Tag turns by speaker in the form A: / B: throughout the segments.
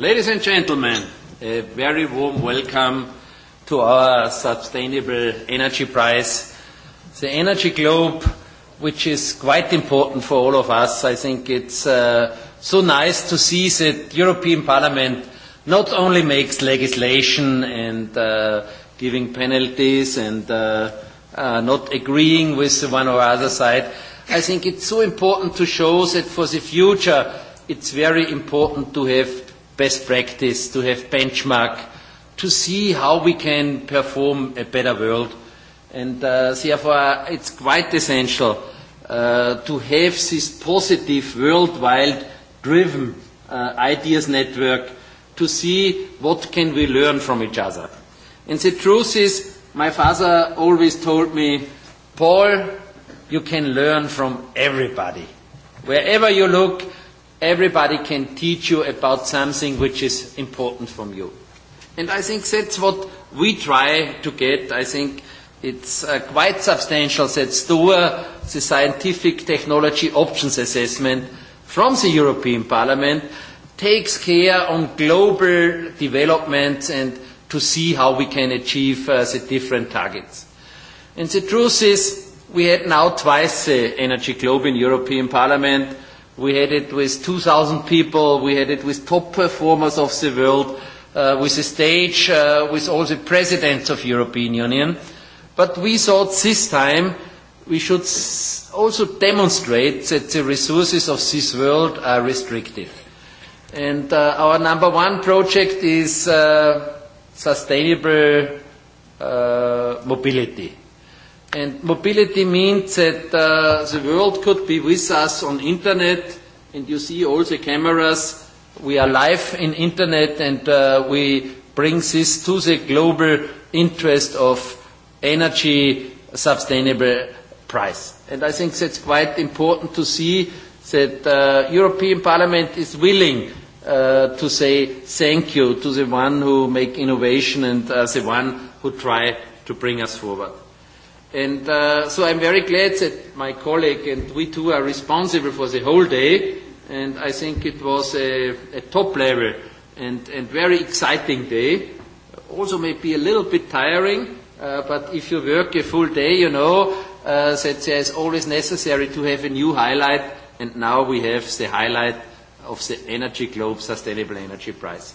A: Ladies and gentlemen, a very warm welcome to our Sustainable Energy Prize, the Energy Globe, which is quite important for all of us. I think it's uh, so nice to see that European Parliament not only makes legislation and uh, giving penalties and uh, uh, not agreeing with the one or other side. I think it's so important to show that for the future it's very important to have best practice, to have benchmark, to see how we can perform a better world. And uh, therefore, it's quite essential uh, to have this positive worldwide driven uh, ideas network to see what can we learn from each other. And the truth is, my father always told me, Paul, you can learn from everybody. Wherever you look, everybody can teach you about something which is important from you. And I think that's what we try to get. I think it's uh, quite substantial that through the Scientific Technology Options Assessment from the European Parliament, takes care on global development and to see how we can achieve uh, the different targets. And the truth is, we had now twice the Energy Globe in European Parliament, We had it with 2,000 people. We had it with top performers of the world, uh, with the stage, uh, with all the presidents of European Union. But we thought this time we should also demonstrate that the resources of this world are restrictive. And uh, our number one project is uh, sustainable uh, mobility And mobility means that uh, the world could be with us on internet, and you see all the cameras. We are live in internet, and uh, we bring this to the global interest of energy sustainable price. And I think that's quite important to see that uh, European Parliament is willing uh, to say thank you to the one who make innovation and uh, the one who try to bring us forward. And uh, so I'm very glad that my colleague and we two are responsible for the whole day. And I think it was a, a top level and, and very exciting day. Also maybe a little bit tiring, uh, but if you work a full day, you know uh, that there is always necessary to have a new highlight. And now we have the highlight of the Energy Globe Sustainable Energy Prize.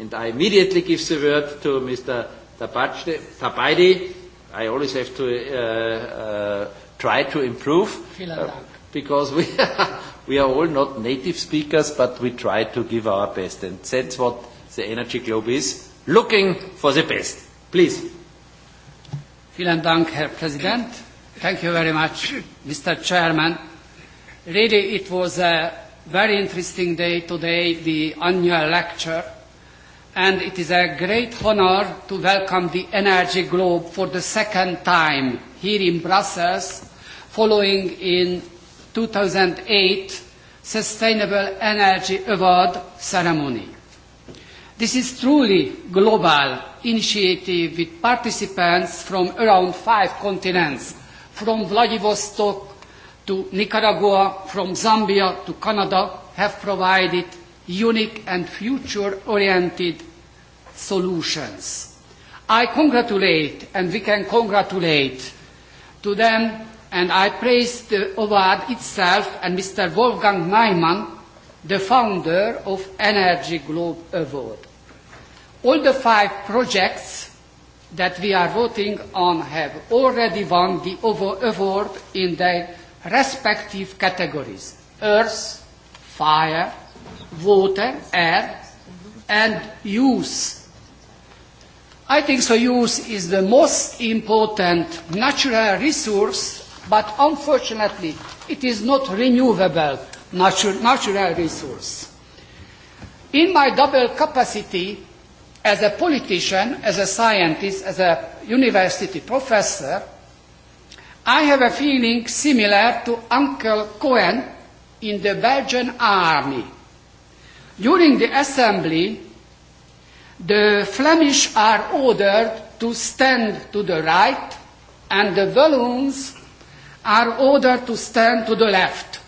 A: And I immediately give the word to Mr. Tabaidi I always have to uh, uh, try to improve uh, because we we are all not native speakers, but we try to give our best, and that's what the Energy Globe is looking for the best. Please.
B: Vielen Dank, Herr Präsident. Thank you very much, Mr. Chairman. Really, it was a very interesting day today, the annual lecture and it is a great honor to welcome the Energy Globe for the second time here in Brussels, following in 2008 Sustainable Energy Award ceremony. This is truly global initiative with participants from around five continents, from Vladivostok to Nicaragua, from Zambia to Canada, have provided unique and future-oriented solutions. I congratulate, and we can congratulate to them, and I praise the award itself and Mr. Wolfgang Neumann, the founder of Energy Globe Award. All the five projects that we are voting on have already won the award in their respective categories, earth, fire, water, air, and use. I think so use is the most important natural resource, but unfortunately it is not renewable natu natural resource. In my double capacity as a politician, as a scientist, as a university professor, I have a feeling similar to Uncle Cohen in the Belgian army During the assembly, the Flemish are ordered to stand to the right and the Walloons are ordered to stand to the left.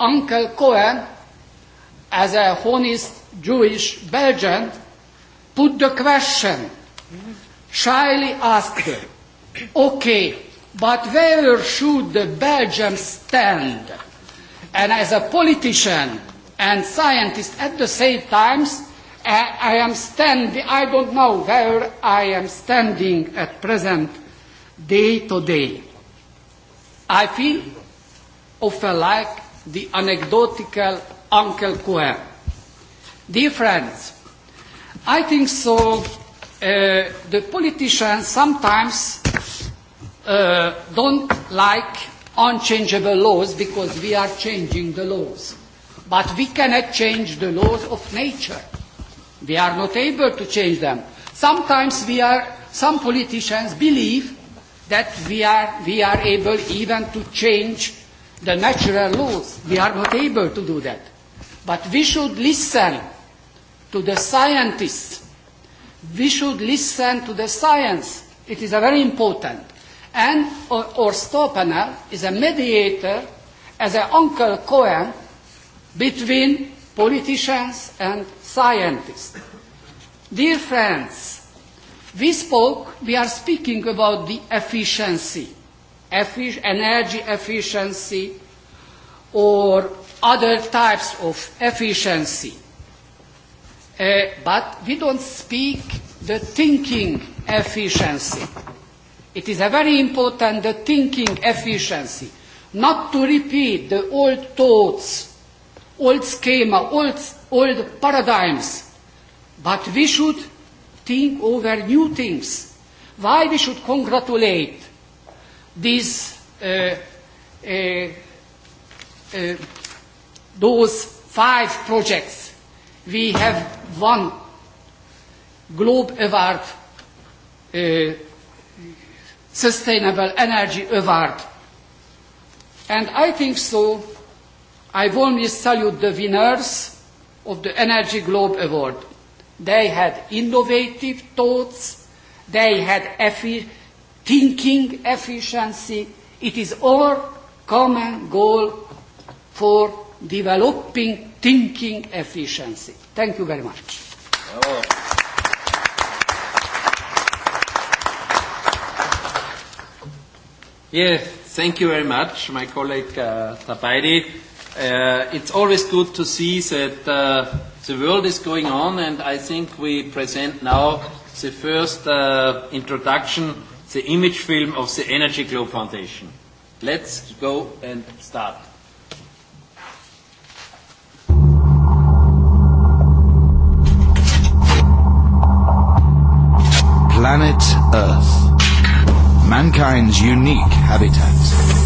B: Uncle Cohen, as a honest Jewish Belgian, put the question, shyly asked, okay, but where should the Belgians stand? And as a politician, and scientists at the same time, I am standing, I don't know where I am standing at present day to day. I feel often like the anecdotal Uncle Cohen. Dear friends, I think so. Uh, the politicians sometimes uh, don't like unchangeable laws because we are changing the laws. But we cannot change the laws of nature. We are not able to change them. Sometimes we are, some politicians believe that we are, we are able even to change the natural laws. We are not able to do that. But we should listen to the scientists. We should listen to the science. It is a very important. And Orstopanel is a mediator, as an uncle Cohen, between politicians and scientists. Dear friends, we spoke, we are speaking about the efficiency, effic energy efficiency or other types of efficiency. Uh, but we don't speak the thinking efficiency. It is a very important, the thinking efficiency. Not to repeat the old thoughts old schema, old, old paradigms. But we should think over new things. Why we should congratulate these, uh, uh, uh, those five projects. We have one Globe Award, uh, Sustainable Energy Award. And I think so I warmly salute the winners of the Energy Globe Award. They had innovative thoughts, they had effi thinking efficiency. It is our common goal for developing thinking efficiency. Thank you very much.
A: Bravo. thank you very much, my colleague uh, Tabaydi. Uh, it's always good to see that uh, the world is going on, and I think we present now the first uh, introduction, the image film of the Energy Globe Foundation. Let's go and start.
C: Planet Earth, mankind's unique habitat.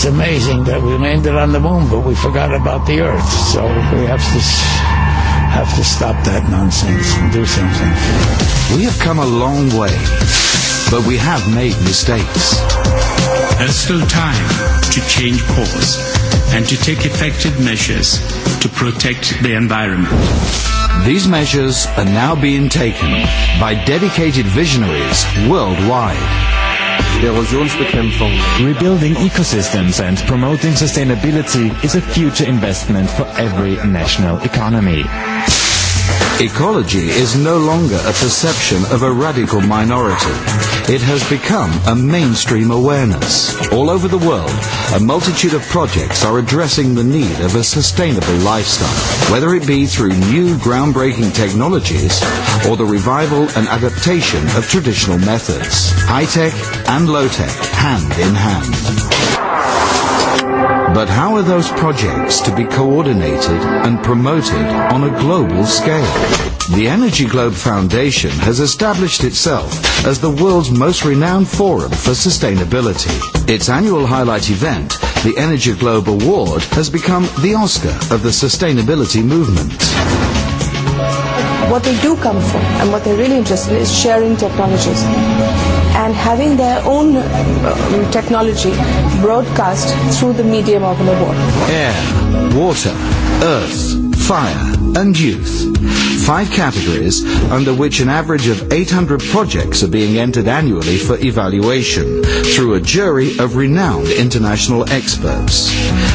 D: it's amazing that we landed on the moon, but we forgot about the Earth. So we have to have to stop that nonsense and do something.
C: We have come a long way, but we have made mistakes. There's still time to change course and to take effective measures to protect the environment. These measures are now being taken by dedicated visionaries worldwide. Erosionsbekämpfung. Rebuilding ecosystems and promoting sustainability is a future investment for every national economy. Ecology is no longer a perception of a radical minority. It has become a mainstream awareness. All over the world, a multitude of projects are addressing the need of a sustainable lifestyle, whether it be through new groundbreaking technologies or the revival and adaptation of traditional methods. High tech and low tech, hand in hand. But how are those projects to be coordinated and promoted on a global scale? The Energy Globe Foundation has established itself as the world's most renowned forum for sustainability. Its annual highlight event, the Energy Globe Award, has become the Oscar of the sustainability movement
E: what they do come from, and what they're really interested in is sharing technologies and having their own um, technology broadcast through the medium of an award.
C: Air, water, earth, fire and youth. Five categories under which an average of 800 projects are being entered annually for evaluation through a jury of renowned international experts.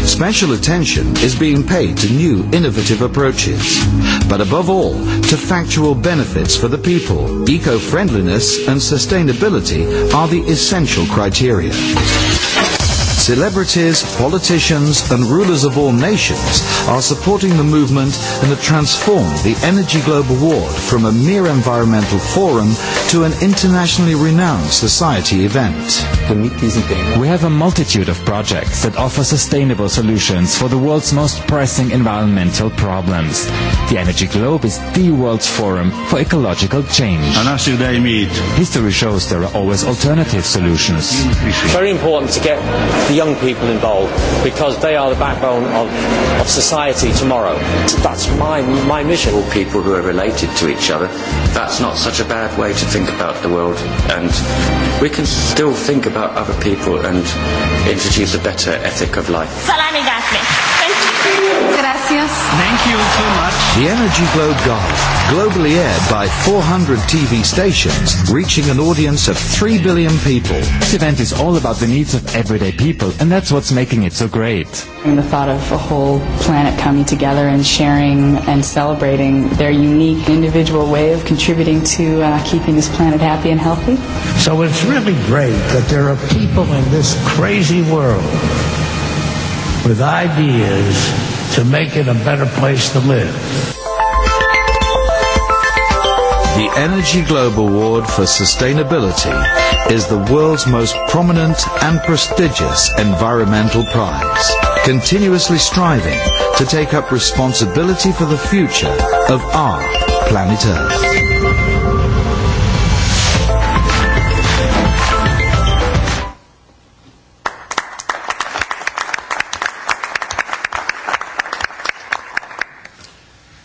C: Special attention is being paid to new innovative approaches, but above all to factual benefits for the people. Eco-friendliness and sustainability are the essential criteria. Celebrities, politicians, and rulers of all nations are supporting the movement and have transformed the Energy Globe Award from a mere environmental forum to an internationally renowned society event. We have a multitude of projects that offer sustainable solutions for the world's most pressing environmental problems. The Energy Globe is the world's forum for ecological change. And as they meet, history shows there are always alternative solutions.
F: Very important to get the young people involved because they are the backbone of, of society tomorrow. That's my my mission. All people who are related to each other. That's not
G: such a bad way to think about the world, and we can still think about about other people
C: and introduce a
G: better ethic of
C: life.
H: Salami Gasmi.
F: Gracias. Thank you so much.
C: The Energy Globe Gala, globally aired by 400 TV stations, reaching an audience of 3 billion people. This event is all about the needs of everyday people, and that's what's making it so great.
I: And the thought of a whole planet coming together and sharing and celebrating their unique individual way of contributing to uh, keeping this planet happy and healthy.
F: So it's really great that there are people in this crazy world with ideas to make
J: it a better place to live.
C: The Energy Globe Award for Sustainability is the world's most prominent and prestigious environmental prize, continuously striving to take up responsibility for the future of our planet Earth.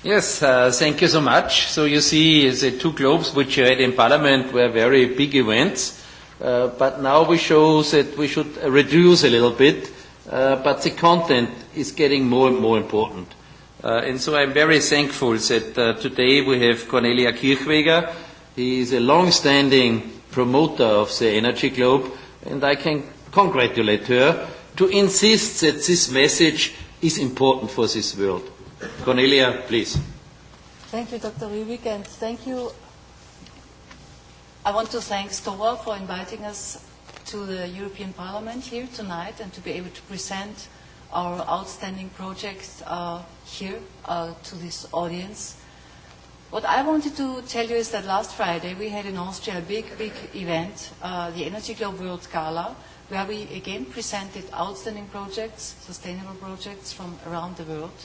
A: Yes, uh, thank you so much. So you see the two globes which you had in Parliament were very big events, uh, but now we show that we should reduce a little bit, uh, but the content is getting more and more important. Uh, and so I'm very thankful that uh, today we have Cornelia Kirchweger. He is a long-standing promoter of the Energy Globe, and I can congratulate her to insist that this message is important for this world. Cornelia, please.
K: Thank you, Dr. Rubik, and thank you. I want to thank STOA for inviting us to the European Parliament here tonight and to be able to present our outstanding projects uh, here uh, to this audience. What I wanted to tell you is that last Friday we had in Austria a big, big event, uh, the Energy Globe World Gala, where we again presented outstanding projects, sustainable projects from around the world.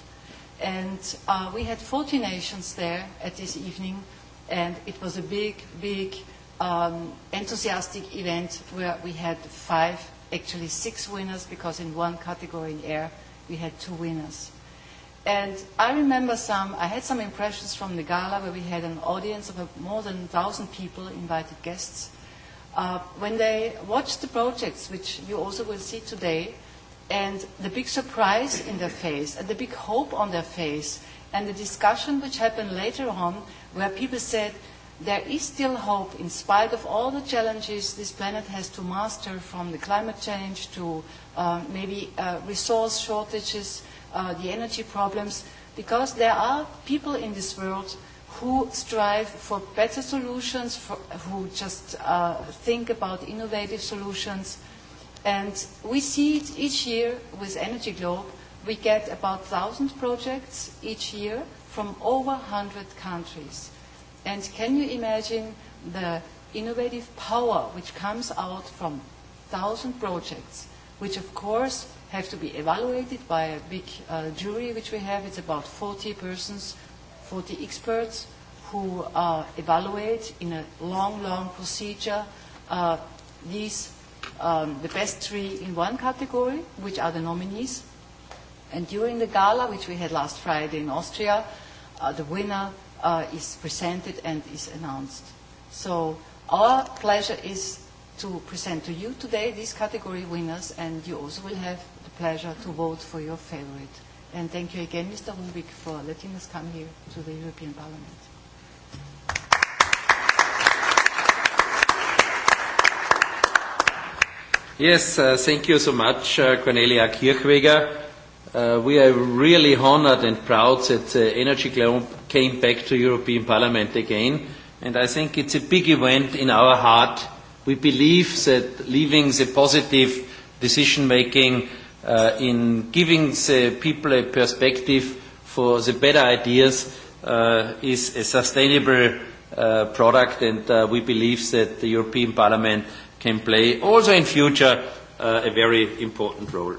K: And uh, we had 40 nations there at this evening, and it was a big, big, um, enthusiastic event where we had five, actually six winners, because in one category in air, we had two winners. And I remember some, I had some impressions from the gala where we had an audience of more than 1,000 people, invited guests. Uh, when they watched the projects, which you also will see today, and the big surprise in their face and the big hope on their face and the discussion which happened later on where people said there is still hope in spite of all the challenges this planet has to master from the climate change to uh, maybe uh, resource shortages, uh, the energy problems, because there are people in this world who strive for better solutions, for, who just uh, think about innovative solutions, And we see it each year with Energy Globe, we get about 1,000 projects each year from over 100 countries. And can you imagine the innovative power which comes out from 1,000 projects, which of course have to be evaluated by a big uh, jury which we have. It's about 40 persons, 40 experts who uh, evaluate in a long, long procedure uh, these um, the best three in one category, which are the nominees. And during the gala, which we had last Friday in Austria, uh, the winner uh, is presented and is announced. So our pleasure is to present to you today these category winners, and you also will have the pleasure to vote for your favorite. And thank you again, Mr. Rubik, for letting us come here to the European Parliament.
A: Yes, uh, thank you so much, uh, Cornelia Kirchweger. Uh, we are really honored and proud that uh, Energy Globe came back to European Parliament again. And I think it's a big event in our heart. We believe that leaving the positive decision making uh, in giving the people a perspective for the better ideas uh, is a sustainable uh, product and uh, we believe that the European Parliament can play also in future uh, a very important role.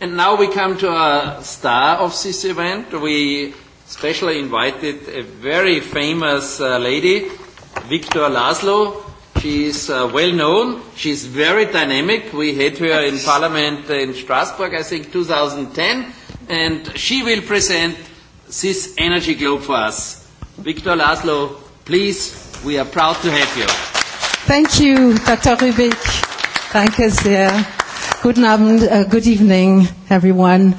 A: And now we come to a star of this event. We specially invited a very famous uh, lady, Victor Laszlo. She is uh, well known. She is very dynamic. We had her in Parliament in Strasbourg, I think, 2010. And she will present this energy globe for us. Victor Laszlo, please, we are proud to have you.
E: Thank you, Dr. Thank you, sir. good Abend, uh, good evening, everyone.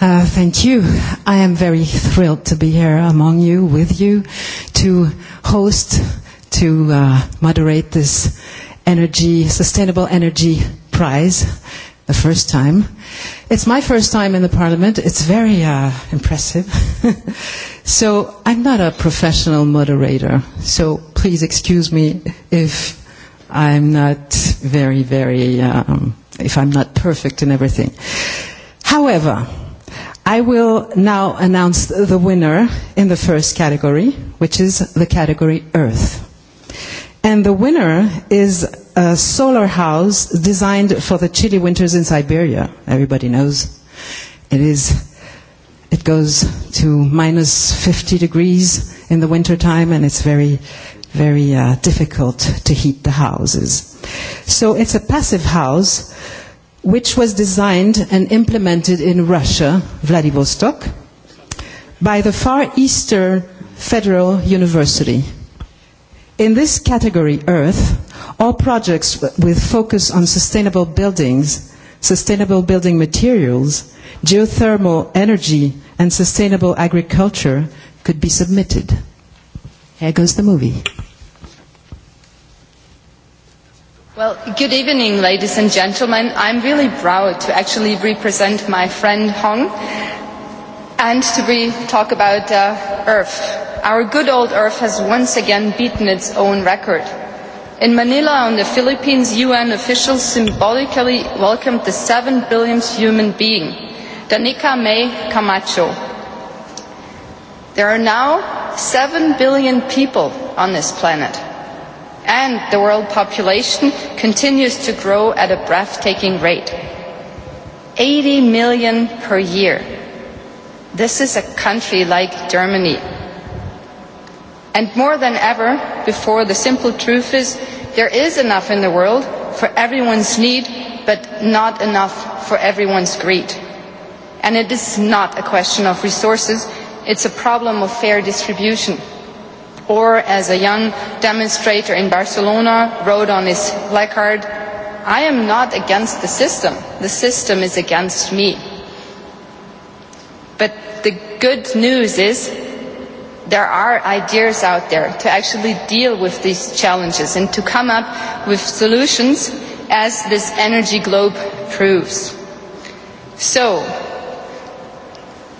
E: Uh, thank you. I am very thrilled to be here among you, with you, to host, to uh, moderate this energy, sustainable energy prize, the first time. It's my first time in the parliament. It's very uh, impressive. so I'm not a professional moderator. So please excuse me if I'm not very, very, um, if I'm not perfect in everything. However, I will now announce the winner in the first category, which is the category Earth. And the winner is a solar house designed for the chilly winters in Siberia. Everybody knows. It is it goes to minus 50 degrees in the winter time and it's very very uh, difficult to heat the houses. So it's a passive house which was designed and implemented in Russia, Vladivostok, by the Far Eastern Federal University In this category, Earth, all projects with focus on sustainable buildings, sustainable building materials, geothermal energy, and sustainable agriculture could be submitted. Here goes the movie.
L: Well, good evening, ladies and gentlemen. I'm really proud to actually represent my friend Hong and to be, talk about uh, Earth our good old earth has once again beaten its own record. In Manila on the Philippines, UN officials symbolically welcomed the 7 billionth human being, Danica May Camacho. There are now 7 billion people on this planet, and the world population continues to grow at a breathtaking rate. 80 million per year. This is a country like Germany And more than ever before, the simple truth is there is enough in the world for everyone's need, but not enough for everyone's greed. And it is not a question of resources, it's a problem of fair distribution. Or, as a young demonstrator in Barcelona wrote on his placard, I am not against the system, the system is against me. But the good news is there are ideas out there to actually deal with these challenges and to come up with solutions as this energy globe proves. So,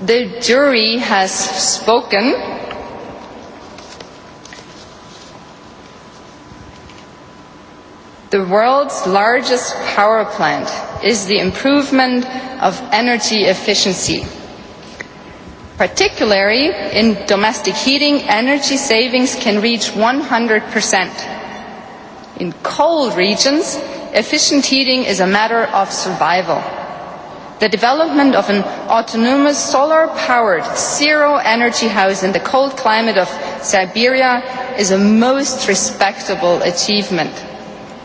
L: the jury has spoken. The world's largest power plant is the improvement of energy efficiency Particularly in domestic heating, energy savings can reach 100%. In cold regions, efficient heating is a matter of survival. The development of an autonomous solar-powered zero-energy house in the cold climate of Siberia is a most respectable achievement.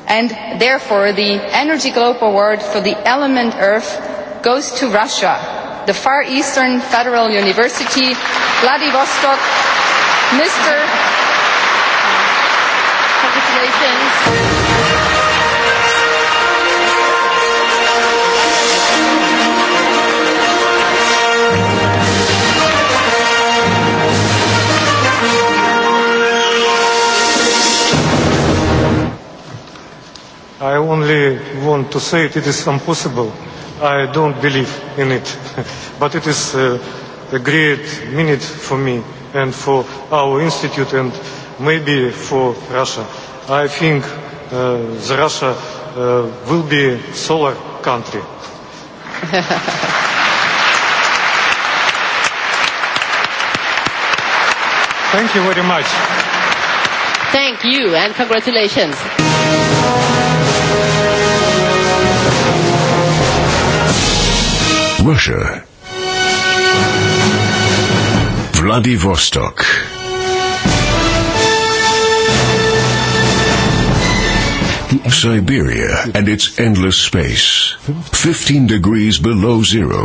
L: And therefore, the Energy Globe Award for the element Earth goes to Russia the Far Eastern Federal University, Vladivostok, Mr. Congratulations.
M: I only want to say it, it is impossible I don't believe in it. But it is uh, a great minute for me and for our institute and maybe for Russia. I think uh, the Russia uh, will be solar country. Thank you very much. Thank
N: you and congratulations.
J: Russia. Vladivostok. Siberia and its endless space. 15 degrees below zero.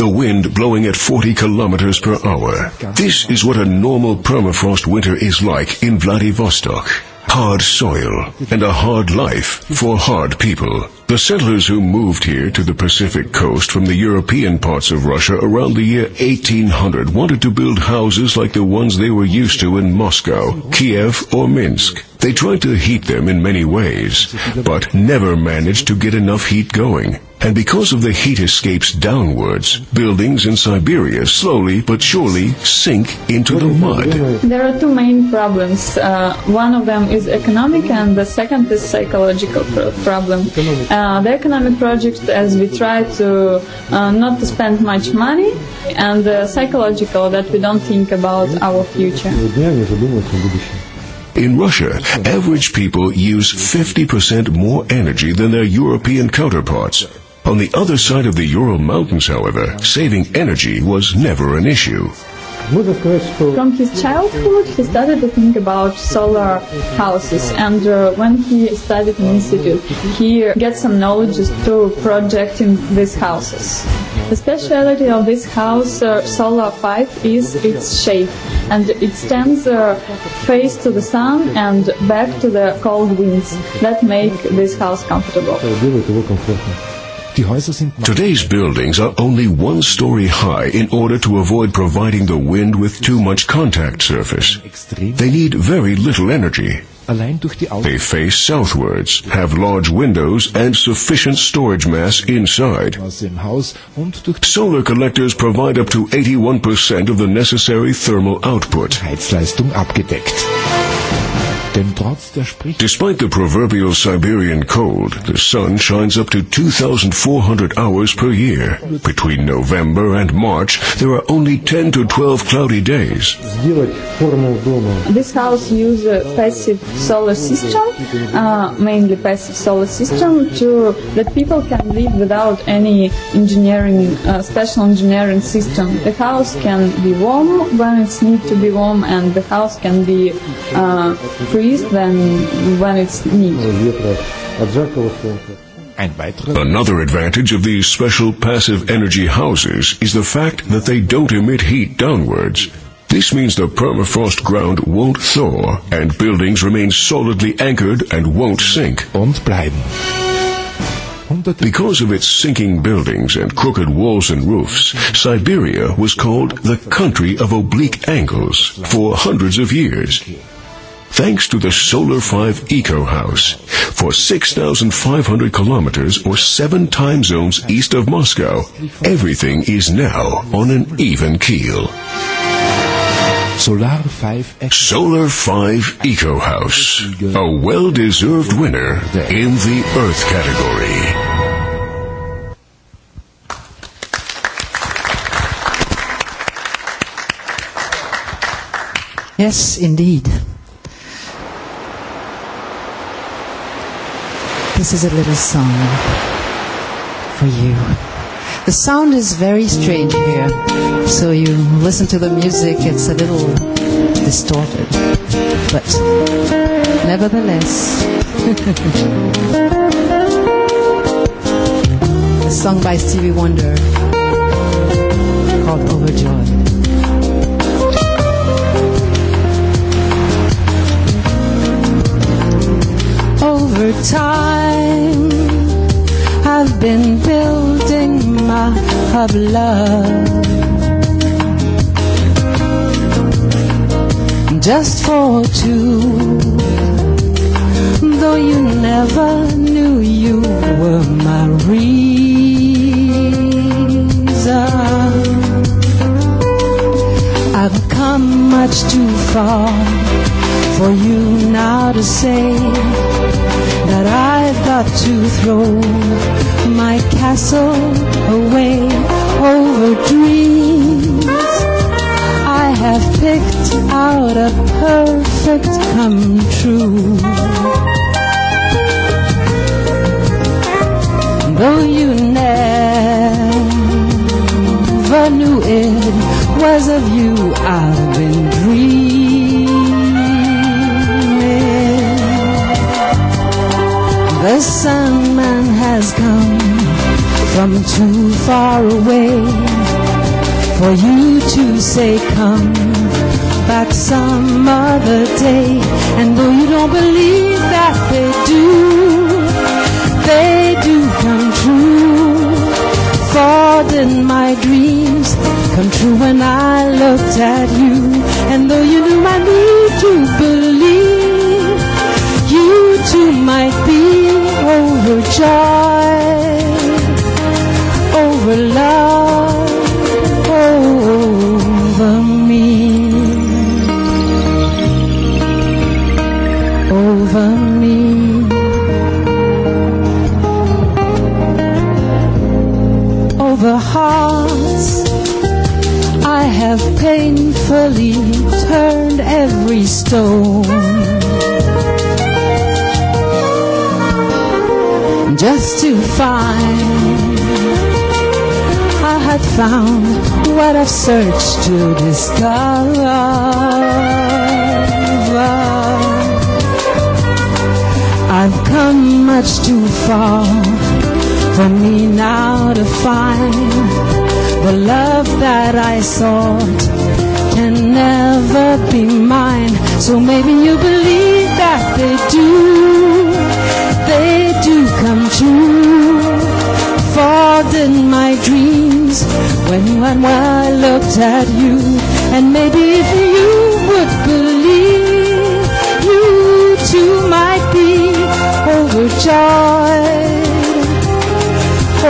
J: The wind blowing at 40 kilometers per hour. This is what a normal permafrost winter is like in Vladivostok hard soil, and a hard life for hard people. The settlers who moved here to the Pacific coast from the European parts of Russia around the year 1800 wanted to build houses like the ones they were used to in Moscow, Kiev, or Minsk. They tried to heat them in many ways, but never managed to get enough heat going. And because of the heat escapes downwards, buildings in Siberia slowly but surely sink into the mud.
I: There are two main problems. Uh, one of them is economic, and the second is psychological pro- problem. Uh, the economic project, as we try to uh, not to spend much money, and the psychological that we don't think about our future.
J: In Russia, average people use 50% more energy than their European counterparts. On the other side of the Ural Mountains, however, saving energy was never an issue.
I: From his childhood, he started to think about solar houses, and uh, when he studied in institute, he got some knowledge to projecting these houses. The speciality of this house uh, solar pipe is its shape, and it stands uh, face to the sun and back to the cold winds that make this house comfortable.
J: Today's buildings are only one story high in order to avoid providing the wind with too much contact surface. They need very little energy. They face southwards, have large windows and sufficient storage mass inside. Solar collectors provide up to 81% of the necessary thermal output. Denn trotz der Sprich Despite the proverbial Siberian cold, the sun shines up to 2,400 hours per year. Between November and March, there are only 10 to 12 cloudy days.
I: This house uses a passive solar system, uh, mainly passive solar system, to that people can live without any engineering, uh, special engineering system. The house can be warm when it's need to be warm, and the house can be uh, free than when it's
M: Another
J: advantage of these special passive energy houses is the fact that they don't emit heat downwards. This means the permafrost ground won't thaw and buildings remain solidly anchored and won't sink. Because of its sinking buildings and crooked walls and roofs, Siberia was called the country of oblique angles for hundreds of years thanks to the Solar 5 Eco House. For 6,500 kilometers or seven time zones east of Moscow, everything is now on an even keel. Solar 5, Solar 5 Eco House, a well-deserved winner in the Earth category.
E: Yes, indeed. This is a little song for you. The sound is very strange here, so you listen to the music, it's a little
O: distorted. But
E: nevertheless, a song by Stevie Wonder called Overjoyed.
O: over time I've been building my hub love just for two though you never knew you were my reason I've come much too far for you now to say that I've got to throw my castle away over dreams. I have picked out a perfect come true. Though you never knew it was of you I a sandman has come from too far away for you to say come back some other day. And though you don't believe that they do, they do come true. For in my dreams come true when I looked at you? And though you knew I need to believe, you too might be Over joy over love over me over me over hearts I have painfully turned every stone lost to find. I had found what I've searched to discover. I've come much too far for me now to find the love that I sought can never be mine. So maybe you believe that they do. They come true. Fogged in my dreams when, when I looked at you, and maybe if you would believe, you too might be overjoyed,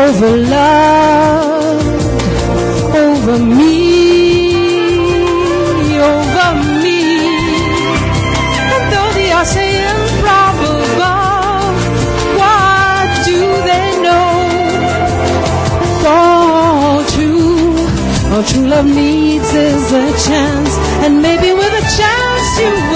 O: overloved, over me. All true love needs is a chance, and maybe with a chance you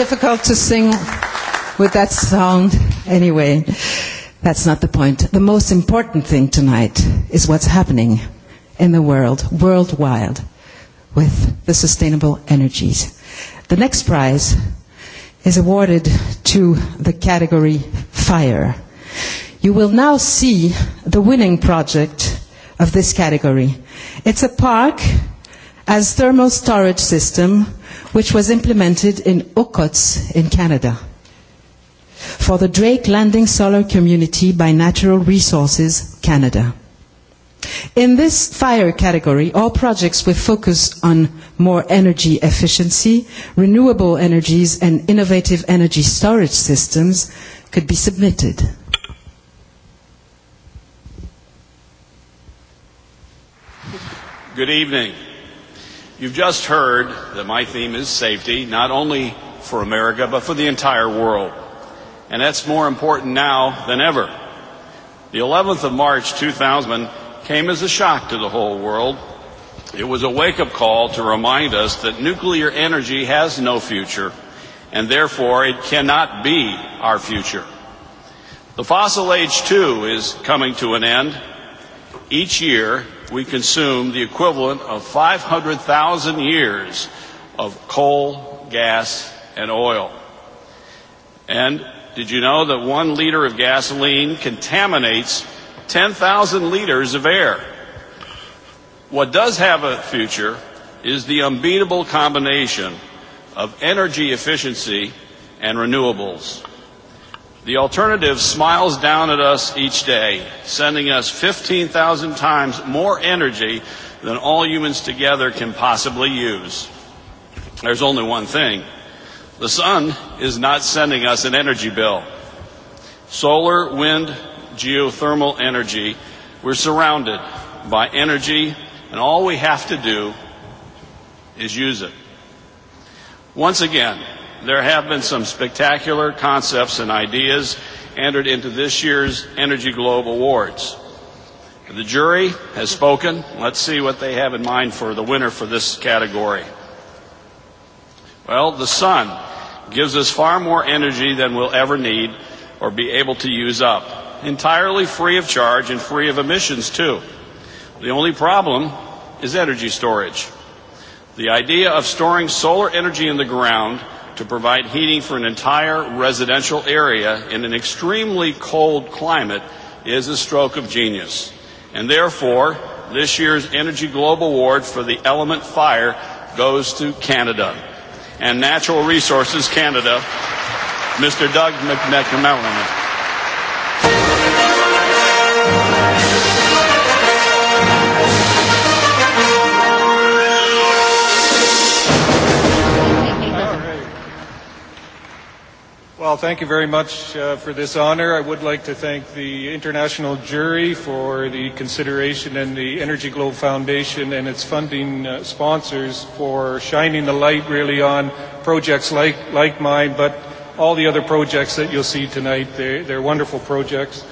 E: difficult to sing with that sound anyway. That's not the point. The most important thing tonight is what's happening in the world, worldwide, with the sustainable energies. The next prize is awarded to the category Fire. You will now see the winning project of this category. It's a park as thermal storage system which was implemented in Okots in Canada. For the Drake Landing Solar Community by Natural Resources Canada. In this fire category, all projects will focus on more energy efficiency, renewable energies and innovative energy storage systems could be submitted.
D: Good evening. You've just heard that my theme is safety, not only for America, but for the entire world. And that's more important now than ever. The 11th of March 2000 came as a shock to the whole world. It was a wake up call to remind us that nuclear energy has no future, and therefore it cannot be our future. The fossil age, too, is coming to an end. Each year, we consume the equivalent of 500,000 years of coal, gas, and oil. And did you know that one liter of gasoline contaminates 10,000 liters of air? What does have a future is the unbeatable combination of energy efficiency and renewables. The alternative smiles down at us each day, sending us 15,000 times more energy than all humans together can possibly use. There's only one thing. The sun is not sending us an energy bill. Solar, wind, geothermal energy, we're surrounded by energy, and all we have to do is use it. Once again, there have been some spectacular concepts and ideas entered into this year's Energy Globe Awards. The jury has spoken. Let's see what they have in mind for the winner for this category. Well, the sun gives us far more energy than we'll ever need or be able to use up, entirely free of charge and free of emissions, too. The only problem is energy storage. The idea of storing solar energy in the ground to provide heating for an entire residential area in an extremely cold climate is a stroke of genius. And therefore, this year's Energy Globe Award for the element fire goes to Canada. And Natural Resources Canada, Mr. Doug McMillan.
P: Well, thank you very much uh, for this honor. I would like to thank the international jury for the consideration and the Energy Globe Foundation and its funding uh, sponsors for shining the light really on projects like, like mine, but all the other projects that you'll see tonight. They're, they're wonderful projects.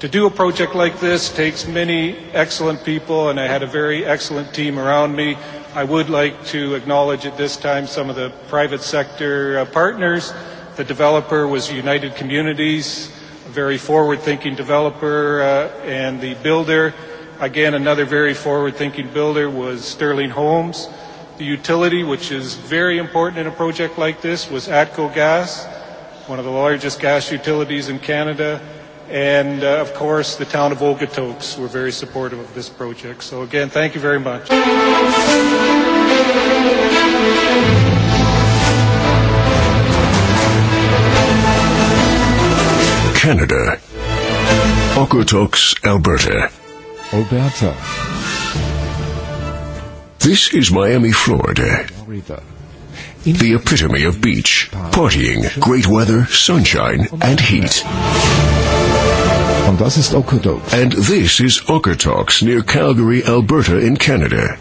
P: To do a project like this takes many excellent people, and I had a very excellent team around me. I would like to acknowledge at this time some of the private sector uh, partners The developer was United Communities, a very forward-thinking developer, uh, and the builder, again, another very forward-thinking builder was Sterling Homes. The utility, which is very important in a project like this, was ATCO Gas, one of the largest gas utilities in Canada. And uh, of course, the town of Okotoks were very supportive
O: of this project. So
P: again, thank you very much.
J: Canada. Okotox, Alberta. Alberta. This is Miami, Florida. Florida. The epitome of beach, partying, great weather, sunshine, and heat. And this is Okotox near Calgary, Alberta in Canada.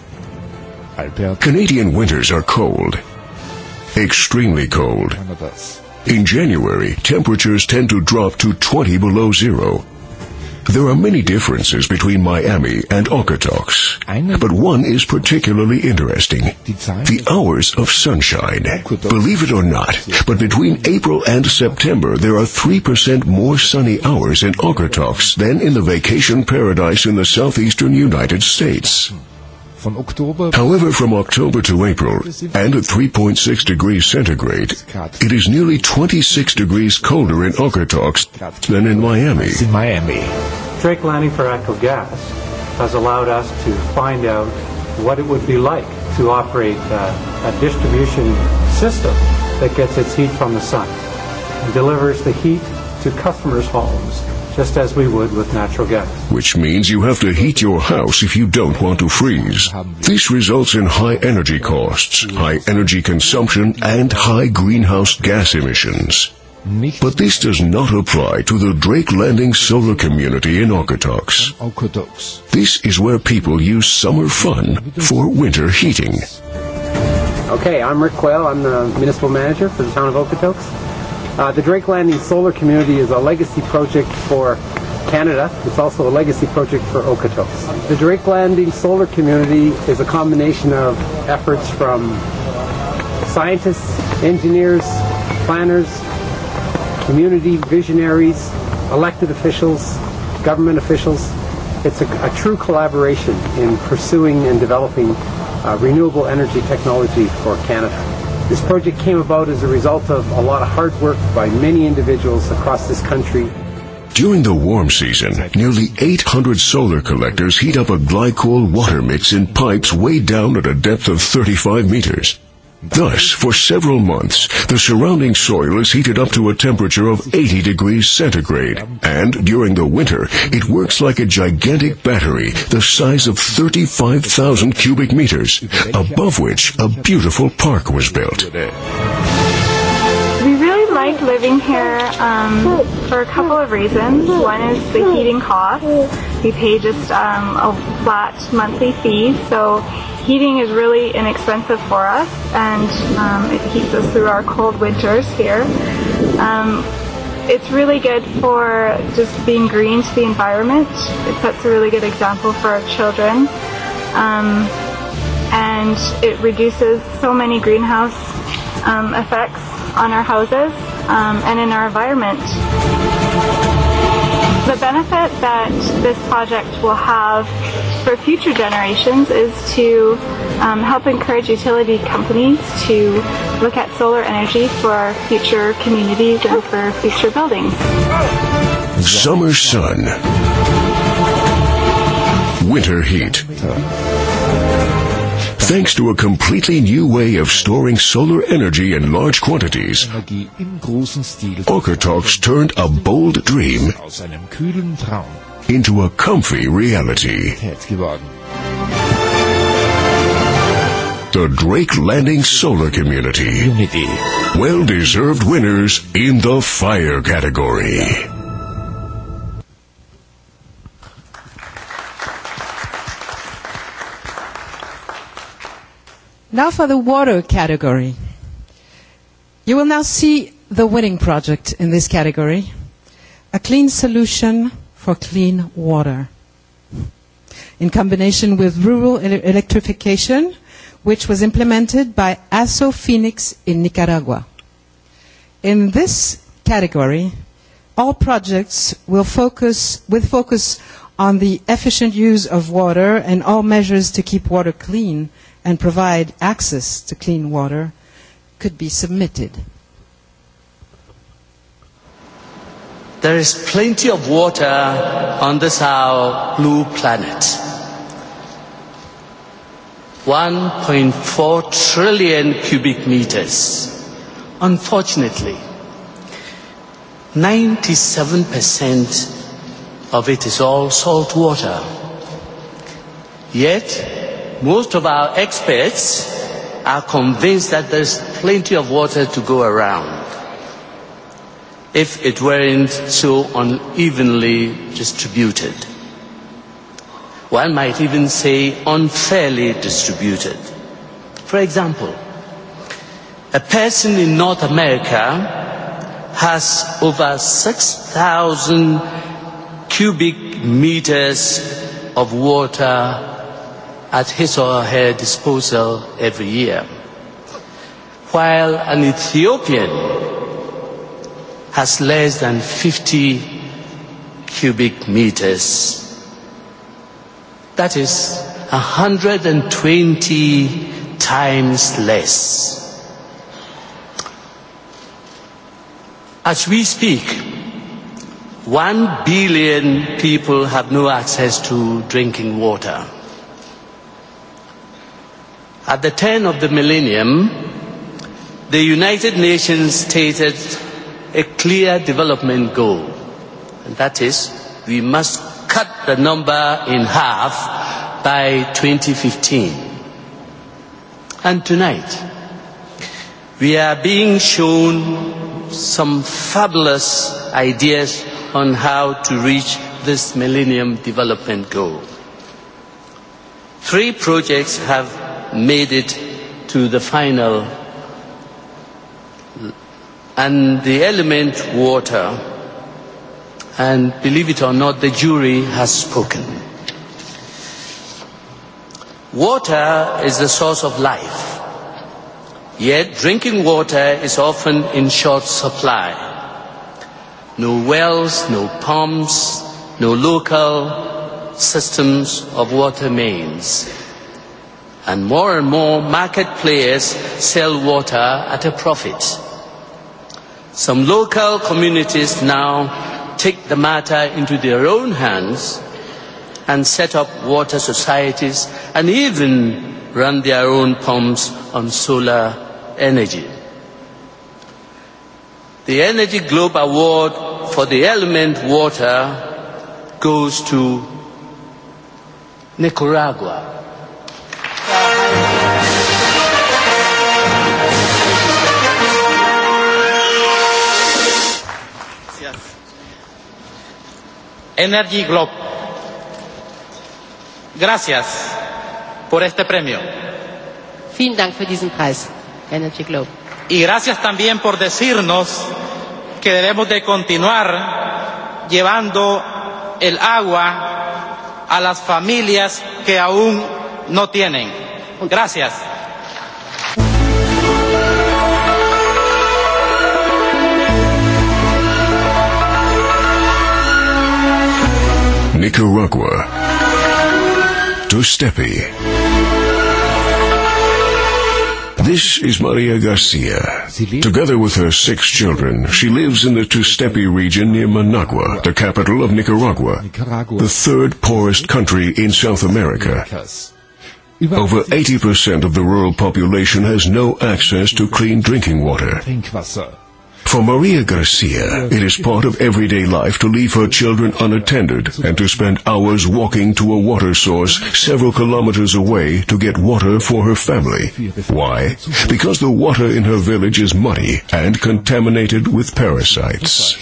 J: Canadian winters are cold. Extremely cold. In January, temperatures tend to drop to 20 below zero. There are many differences between Miami and Okotox, but one is particularly interesting. The hours of sunshine. Believe it or not, but between April and September, there are 3% more sunny hours in Okotox than in the vacation paradise in the southeastern United States von Oktober. However, from October to April, and at 3.6 degrees centigrade, it is nearly 26 degrees colder in Okotoks than in Miami. In Miami.
P: Drake landing for Echo Gas has allowed us to find out what it would be like to operate a, uh, a distribution system that gets its heat from the sun and delivers the heat to customers' homes just as we would with natural gas.
J: Which means you have to heat your house if you don't want to freeze. This results in high energy costs, high energy consumption, and high greenhouse gas emissions. But this does not apply to the Drake Landing solar community in Okotox. This is where people use summer fun for winter heating.
B: Okay, I'm Rick Quayle. I'm the municipal manager for the town of Okotoks. Uh, the Drake Landing Solar Community is a legacy project for Canada. It's also a legacy project for Okotoks. The Drake Landing Solar Community is a combination of efforts from scientists, engineers, planners, community visionaries, elected officials, government officials. It's a, a true collaboration in pursuing and developing uh, renewable energy technology for Canada. This project came about as a result of a lot of hard work by many individuals across this country.
J: During the warm season, nearly 800 solar collectors heat up a glycol water mix in pipes way down at a depth of 35 meters. Thus, for several months, the surrounding soil is heated up to a temperature of 80 degrees centigrade, and during the winter, it works like a gigantic battery the size of 35,000 cubic meters, above which a beautiful park was built
I: started living here um, for a couple of reasons. One is the heating cost. We pay just um, a flat monthly fee, so heating is really inexpensive for us, and um, it keeps us through our cold winters here. Um, it's really good for just being green to the environment. It sets a really good example for our children. Um, and it reduces so many greenhouse um, effects on our houses um, and in our environment. The benefit that this project will have for future generations is to um, help encourage utility companies to look at solar energy for future communities and for future buildings.
J: Summer sun. Winter heat. Thanks to a completely new way of storing solar energy in large quantities, Orkertalks turned a bold dream into a comfy reality. The Drake Landing Solar Community. Well deserved winners in the fire category.
E: Now for the water category. You will now see the winning project in this category. A clean solution for clean water. In combination with rural ele electrification, which was implemented by ASO Phoenix in Nicaragua. In this category, all projects will focus, with focus on the efficient use of water and all measures to keep water clean – and provide access to clean
F: water could be submitted. There is plenty of water on this our blue planet. 1.4 trillion cubic meters. Unfortunately, 97% of it is all salt water. Yet, most of our experts are convinced that there's plenty of water to go around if it weren't so unevenly distributed. One might even say unfairly distributed. For example, a person in North America has over 6,000 cubic meters of water at his or her disposal every year. While an Ethiopian has less than 50 cubic meters. That is 120 times less. As we speak, one billion people have no access to drinking water. At the turn of the millennium, the United Nations stated a clear development goal, and that is we must cut the number in half by 2015. And tonight, we are being shown some fabulous ideas on how to reach this Millennium Development Goal. Three projects have made it to the final. And the element water, and believe it or not, the jury has spoken. Water is the source of life, yet drinking water is often in short supply. No wells, no pumps, no local systems of water mains And more and more market players sell water at a profit. Some local communities now take the matter into their own hands and set up water societies and even run their own pumps on solar energy. The Energy Globe Award for the element water goes to Nicaragua. Energy Globe. Gracias por este premio. Vielen Dank für diesen Preis, Energy Globe. Y gracias también por decirnos que debemos de continuar llevando el agua a las familias que aún no tienen. Gracias.
J: Nicaragua to This is Maria Garcia. Together with her six children, she lives in the Tustepi region near Managua, the capital of Nicaragua, the third poorest country in South America. Over 80% of the rural population has no access to clean drinking water. For Maria Garcia, it is part of everyday life to leave her children unattended and to spend hours walking to a water source several kilometers away to get water for her family. Why? Because the water in her village is muddy and contaminated with parasites.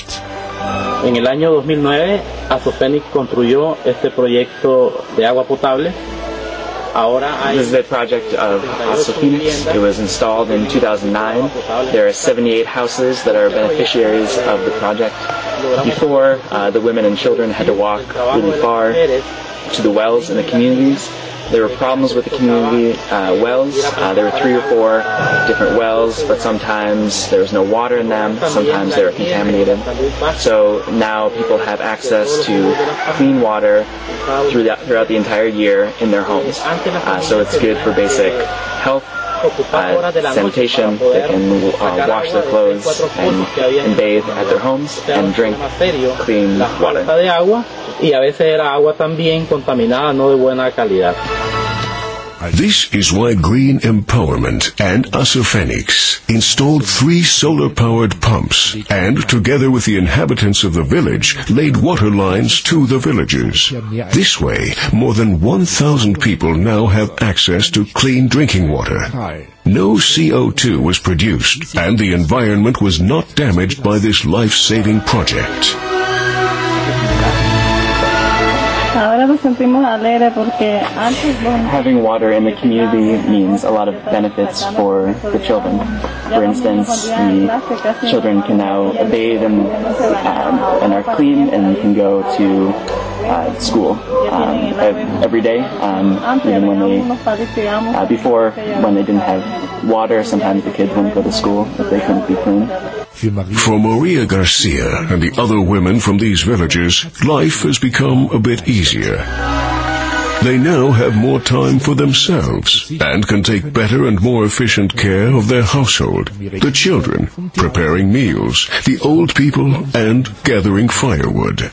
F: En el año 2009, Asofenic construyó este proyecto de agua potable This is the project of House It was installed in
K: 2009. There are 78 houses that are beneficiaries of the project. Before, uh, the women and children had to walk really far to the wells in the communities There were problems with the community uh, wells. Uh, there were three or four different wells, but sometimes there was no water in them. Sometimes they were contaminated. So now people have access to clean water throughout, throughout the entire year in their homes. Uh, so it's good for basic health uh, sanitation. They can uh, wash their clothes and, and bathe at
F: their homes and drink clean water y a veces era agua también contaminada, no de buena calidad.
J: This is why Green Empowerment and Asophenix installed three solar-powered pumps and, together with the inhabitants of the village, laid water lines to the villagers. This way, more than 1,000 people now have access to clean drinking water. No CO2 was produced, and the environment was not damaged by this life-saving project.
I: Ahora nos sentimos alegres porque antes
P: Having water in the community means a lot of benefits for the children. For instance, the children can now bathe and,
I: um, and are clean and can go to uh, school um, every day,
K: um, even when they,
I: uh, before when they
K: didn't have water, sometimes the kids wouldn't go to school if they couldn't be clean.
J: For Maria Garcia and the other women from these villages, life has become a bit easier easier. They now have more time for themselves and can take better and more efficient care of their household, the children, preparing meals, the old people, and gathering firewood.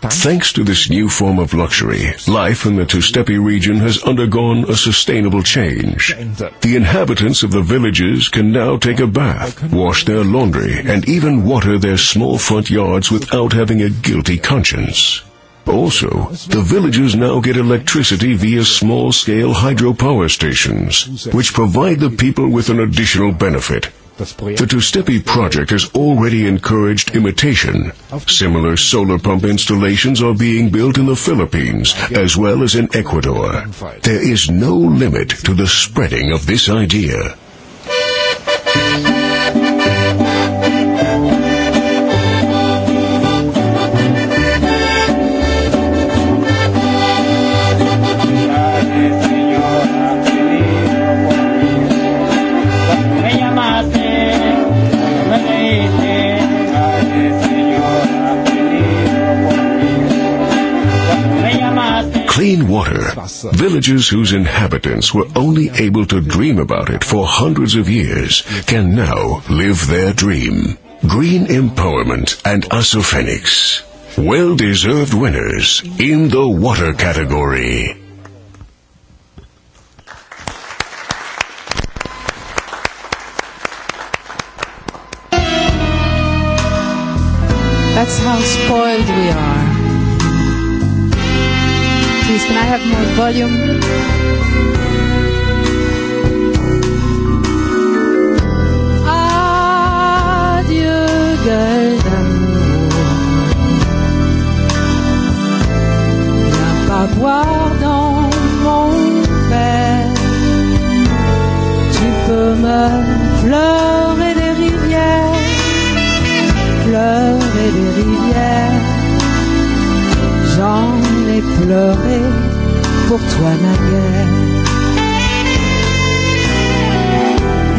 J: Thanks to this new form of luxury, life in the Tustepi region has undergone a sustainable change. The inhabitants of the villages can now take a bath, wash their laundry, and even water their small front yards without having a guilty conscience. Also, the villagers now get electricity via small-scale hydropower stations, which provide the people with an additional benefit. The Tustepi project has already encouraged imitation. Similar solar pump installations are being built in the Philippines as well as in Ecuador. There is no limit to the spreading of this idea. clean water, villages whose inhabitants were only able to dream about it for hundreds of years can now live their dream. Green Empowerment and Asophenix, Well deserved winners in the water category.
E: That's how spoiled we are. Let's not
O: have volume. Adieu, gueule d'amour. pas boire dans mon verre. Tu peux me pleurer des rivières. Pleurer des rivières. J'en jamais pleuré pour toi, ma guerre.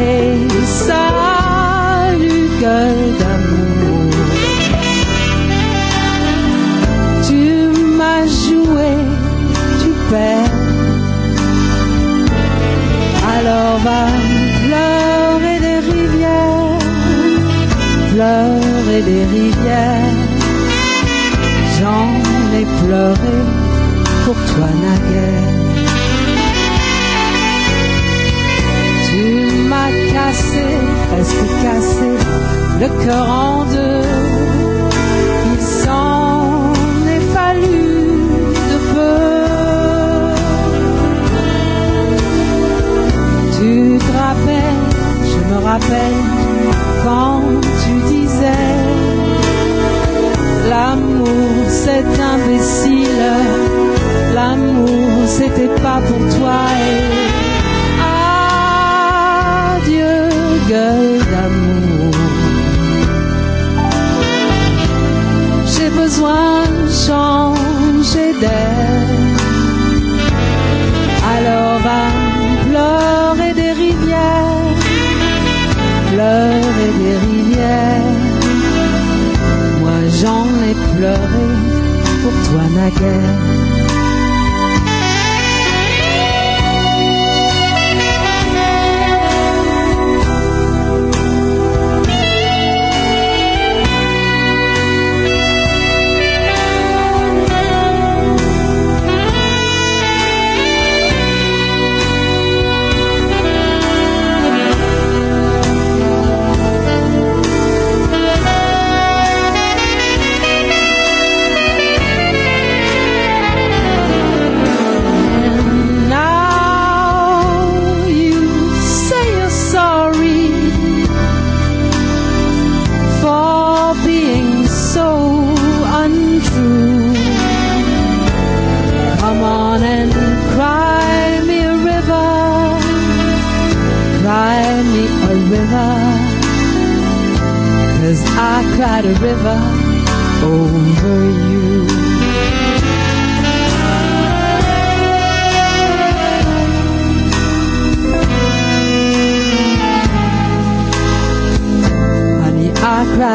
O: Et salut, gueule d'amour. Tu m'as joué, tu perds. Alors va pleurer des rivières, pleurer des rivières pleurer pour toi naguère. Tu m'as cassé, presque cassé, le cœur en deux. Il s'en est fallu de peu. Tu te rappelles, je me rappelle quand L'amour, c'est imbécile. L'amour, c'était pas pour toi. Et adieu, gueule d'amour. J'ai besoin de changer d'air. Alors va pleurer des rivières. Pleure pleurer pour toi, naguère.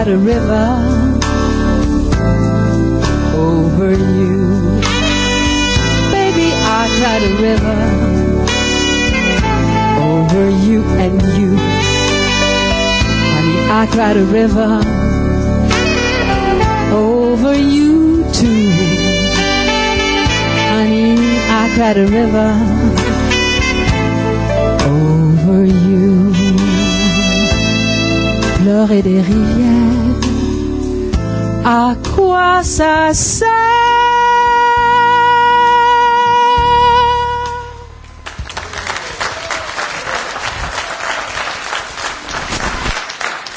O: got a river over you. Baby, I got a river over you and you. Honey, I got a river over you too. Honey, I got a river over you fleurs et des rivières. À quoi ça sert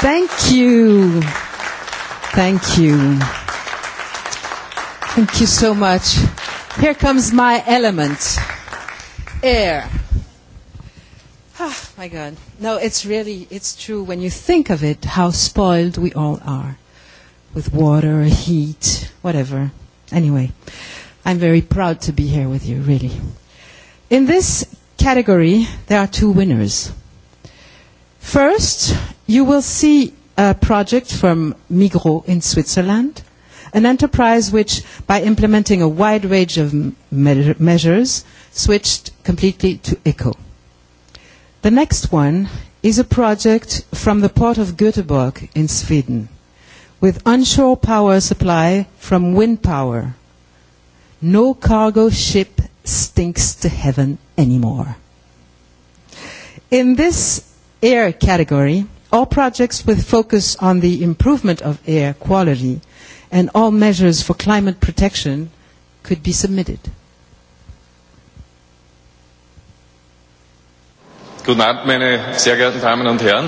E: Thank you. Thank you. Thank you so much. Here comes my element. Air my God. No, it's really, it's true when you think of it, how spoiled we all are with water, heat, whatever. Anyway, I'm very proud to be here with you, really. In this category, there are two winners. First, you will see a project from Migro in Switzerland, an enterprise which, by implementing a wide range of me- measures, switched completely to eco. The next one is a project from the port of Göteborg in Sweden with onshore power supply from wind power. No cargo ship stinks to heaven anymore. In this air category, all projects with focus on the improvement of air quality and all measures for climate protection could be submitted.
Q: Guten Abend, meine sehr geehrten Damen und Herren.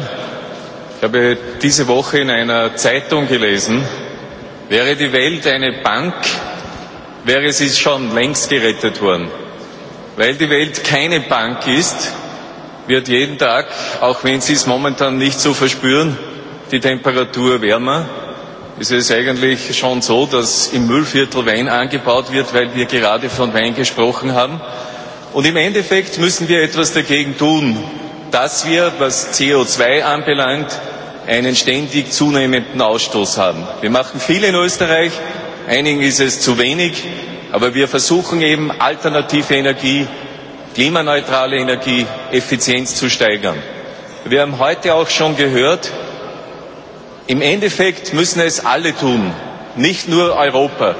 Q: Ich habe diese Woche in einer Zeitung gelesen, wäre die Welt eine Bank, wäre sie schon längst gerettet worden. Weil die Welt keine Bank ist, wird jeden Tag, auch wenn Sie es momentan nicht so verspüren, die Temperatur wärmer. Es Ist eigentlich schon so, dass im Müllviertel Wein angebaut wird, weil wir gerade von Wein gesprochen haben? Und im Endeffekt müssen wir etwas dagegen tun, dass wir, was CO2 anbelangt, einen ständig zunehmenden Ausstoß haben. Wir machen viel in Österreich, einigen ist es zu wenig, aber wir versuchen eben alternative Energie, klimaneutrale Energie, Effizienz zu steigern. Wir haben heute auch schon gehört, im Endeffekt müssen es alle tun, nicht nur Europa.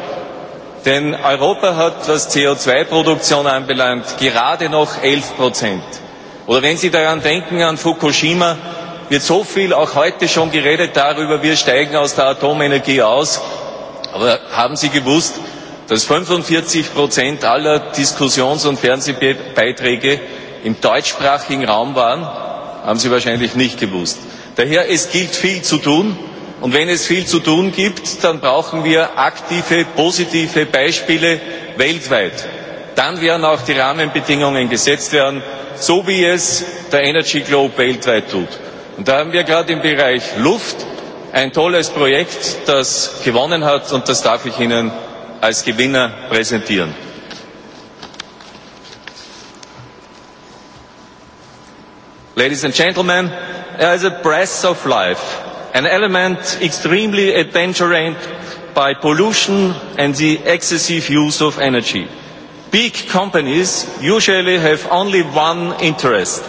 Q: Denn Europa hat, was CO2-Produktion anbelangt, gerade noch 11 Prozent. Oder wenn Sie daran denken, an Fukushima, wird so viel auch heute schon geredet darüber, wir steigen aus der Atomenergie aus. Aber haben Sie gewusst, dass 45 Prozent aller Diskussions- und Fernsehbeiträge im deutschsprachigen Raum waren? Haben Sie wahrscheinlich nicht gewusst. Daher, es gilt viel zu tun und wenn es viel zu tun gibt dann brauchen wir aktive positive beispiele weltweit. dann werden auch die rahmenbedingungen gesetzt werden so wie es der energy globe weltweit tut. und da haben wir gerade im bereich luft ein tolles projekt das gewonnen hat und das darf ich ihnen als gewinner präsentieren. ladies and gentlemen there is a breath of life an element extremely endangered by pollution and the excessive use of energy. Big companies usually have only one interest,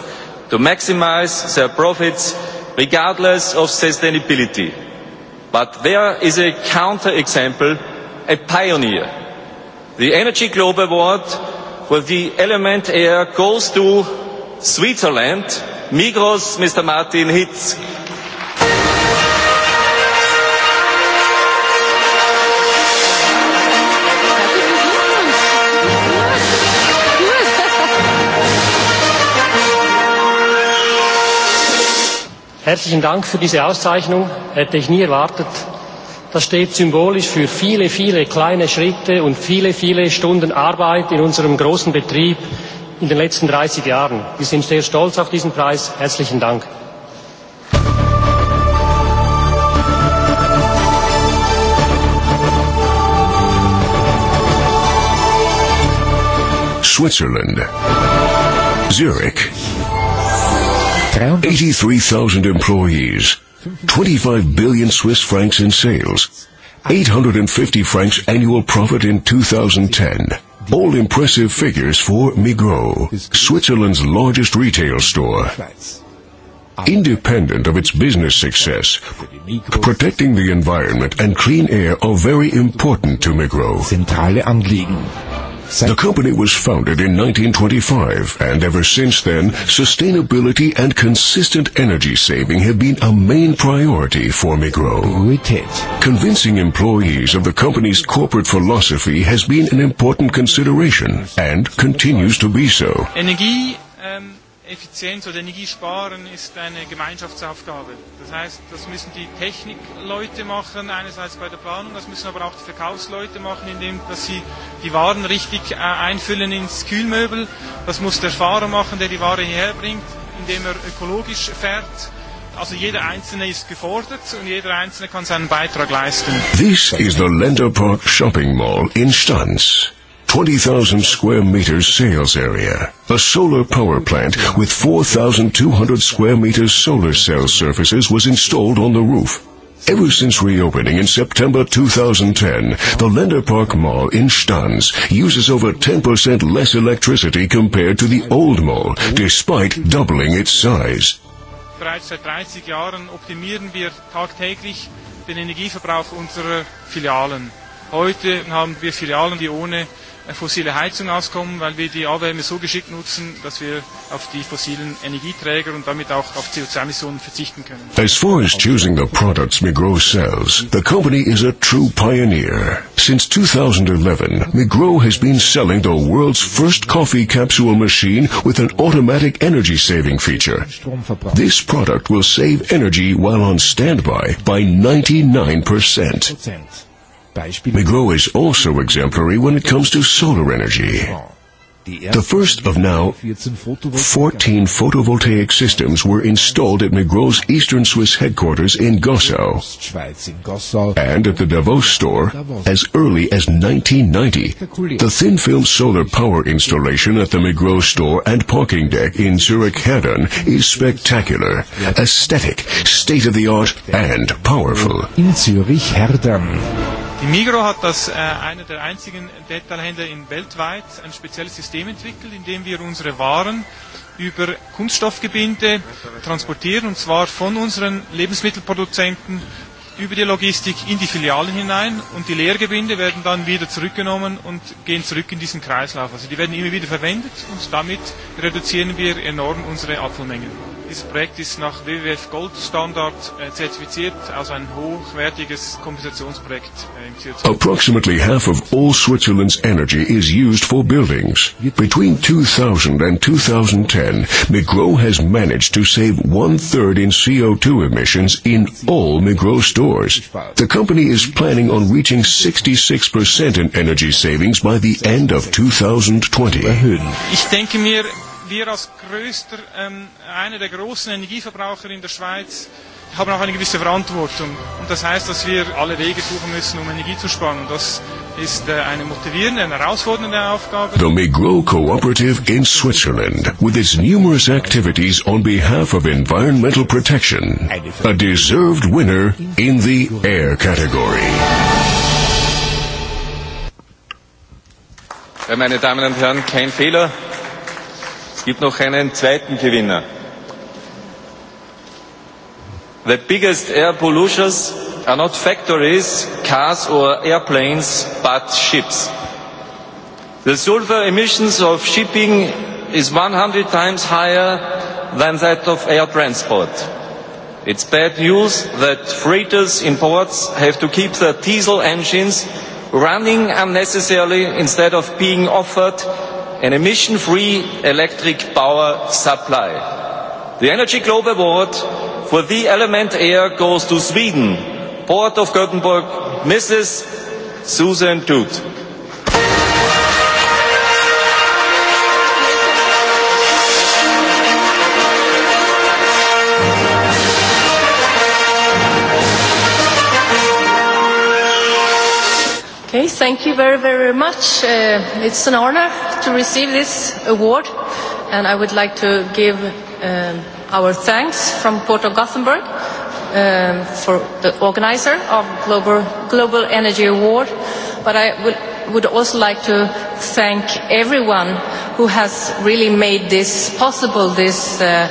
Q: to maximize their profits regardless of sustainability. But there is a counter-example, a pioneer. The Energy Globe Award for the element air goes to Switzerland, Migros, Mr. Martin Hitz.
A: Herzlichen Dank für diese Auszeichnung. Hätte ich nie erwartet. Das steht symbolisch für viele, viele kleine Schritte und viele, viele Stunden Arbeit in unserem großen Betrieb in den letzten 30 Jahren. Wir sind sehr stolz auf diesen Preis. Herzlichen Dank.
J: Switzerland. Zurich. 83,000 employees, 25 billion Swiss francs in sales, 850 francs annual profit in 2010. All impressive figures for Migros, Switzerland's largest retail store. Independent of its business success, protecting the environment and clean air are very important to Migros. The company was founded in 1925, and ever since then, sustainability and consistent energy saving have been a main priority for Migro. We did. Convincing employees of the company's corporate philosophy has been an important consideration and continues to be so.
P: Energy. um Effizienz oder Energiesparen ist eine Gemeinschaftsaufgabe. Das heißt, das müssen die Technikleute machen, einerseits bei der Planung, das müssen aber auch die Verkaufsleute machen, indem dass sie die Waren richtig äh, einfüllen ins Kühlmöbel. Das muss der Fahrer machen, der die Ware hierher bringt, indem er ökologisch fährt. Also jeder Einzelne ist gefordert und jeder Einzelne kann seinen Beitrag leisten.
J: This is the Lenderpark Shopping Mall in Stanz. 20,000 square meters sales area, a solar power plant with 4,200 square meters solar cell surfaces was installed on the roof. Ever since reopening in September 2010, the Lender Park Mall in Stans uses over 10% less electricity compared to the old mall, despite doubling its size.
O: Bereits
P: seit 30 Jahren optimieren wir tagtäglich den Energieverbrauch unserer Filialen. Heute haben wir Filialen, die ohne Äh, fossile Heizung auskommen, weil wir die Abwärme so geschickt nutzen, dass wir auf die fossilen Energieträger und damit auch auf CO2-Emissionen
O: verzichten können.
J: As far as choosing the products Migros sells, the company is a true pioneer. Since 2011, Migros has been selling the world's first coffee capsule machine with an automatic energy saving feature. This product will save energy while on standby by 99%. Beispiel McGraw is also exemplary when it comes to solar energy. The first of now 14 photovoltaic systems were installed at McGraw's Eastern Swiss headquarters in Gossau and at the Davos store as early as 1990. The thin film solar power installation at the McGraw store and parking deck in Zurich Haddon is spectacular, aesthetic, state of the art, and powerful. In
P: Die Migro hat als äh, einer der einzigen Detailhändler in weltweit ein spezielles System entwickelt, in dem wir unsere Waren über Kunststoffgebinde transportieren, und zwar von unseren Lebensmittelproduzenten über die Logistik in die Filialen hinein und die Leergebinde werden dann wieder zurückgenommen und gehen zurück in diesen Kreislauf. Also die werden immer wieder verwendet und damit reduzieren wir enorm unsere Abfallmengen. Dieses Projekt ist nach WWF Gold Standard äh, zertifiziert, also ein hochwertiges Kompensationsprojekt äh, im CO2.
J: Approximately half of all Switzerland's energy is used for buildings. Between 2000 and 2010, Migros has managed to save one third in CO2 emissions in all Migros stores. The company is planning on reaching 66% in energy savings by the end of 2020.
P: Ich denke mir, wir als größter, ähm, einer der großen Energieverbraucher in der Schweiz haben auch eine gewisse Verantwortung. Und das heißt, dass wir alle Wege suchen müssen, um Energie zu sparen. Und das ist äh, eine motivierende, eine herausfordernde Aufgabe.
J: The Migro Cooperative in Switzerland, with its numerous activities on behalf of environmental protection, a deserved winner in the air category.
Q: Meine Damen und Herren, kein Fehler. Es gibt noch einen zweiten Gewinner. The biggest air polluters are not factories, cars or airplanes, but ships. The sulfur emissions of shipping is 100 times higher than that of air transport. It's bad news that freighters in ports have to keep their diesel engines running unnecessarily instead of being offered an emission-free electric power supply. The Energy Globe Award for the element air goes to Sweden, Port of Gothenburg, Mrs. Susan Dutt.
N: Okay, thank you very, very much. Uh, it's an honor to receive this award, and I would like to give um, our thanks from Port of Gothenburg um, for the organizer of Global, Global Energy Award. But I would would also like to thank everyone who has really made this possible, this uh,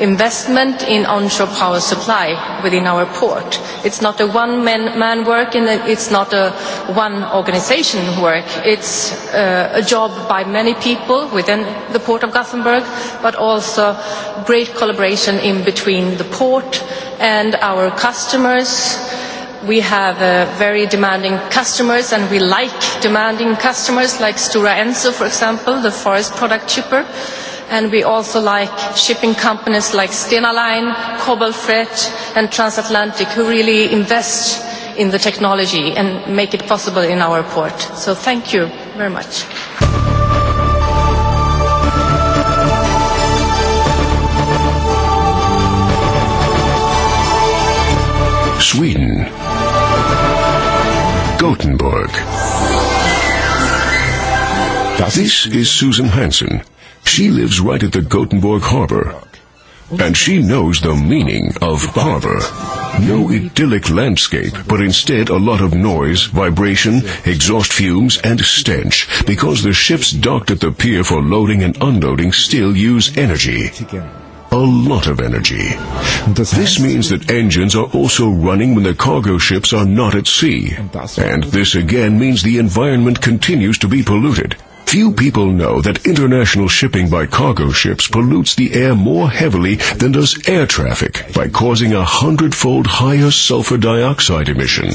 N: investment in onshore power supply within our port. It's not a one-man man work and it's not a one organization work. It's uh, a job by many people within the port of Gothenburg, but also great collaboration in between the port and our customers, we have uh, very demanding customers and we like demanding customers like Stora Enso, for example, the forest product shipper. And we also like shipping companies like Stena Line, Cobalt Freight and Transatlantic who really invest in the technology and make it possible in our port. So thank you very much.
J: Sweden Gothenburg. This is Susan Hansen. She lives right at the Gothenburg harbor. And she knows the meaning of harbor. No idyllic landscape, but instead a lot of noise, vibration, exhaust fumes, and stench, because the ships docked at the pier for loading and unloading still use energy a lot of energy. This means that engines are also running when the cargo ships are not at sea. And this again means the environment continues to be polluted. Few people know that international shipping by cargo ships pollutes the air more heavily than does air traffic by causing a hundredfold higher sulfur dioxide emission.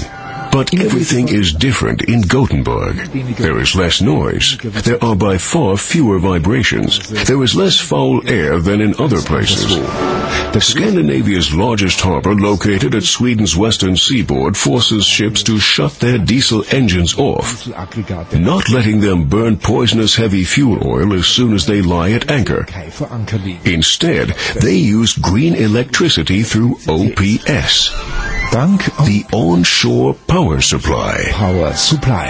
J: But everything is different in Gothenburg. There is less noise. There are by far fewer vibrations. There is less foul air than in other places. The Scandinavia's largest harbor, located at Sweden's western seaboard, forces ships to shut their diesel engines off, not letting them burn poisonous heavy fuel oil as soon as they lie at anchor. Instead, they use green electricity through OPS. The onshore power Power Supply. Power
N: Supply.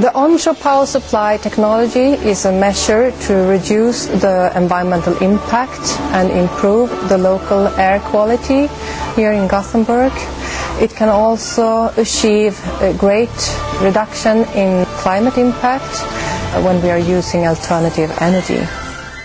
N: The onshore power supply technology is a measure to reduce the environmental impact and improve the local air quality here in Gothenburg. It can also achieve a great reduction in climate impact when we are using alternative energy.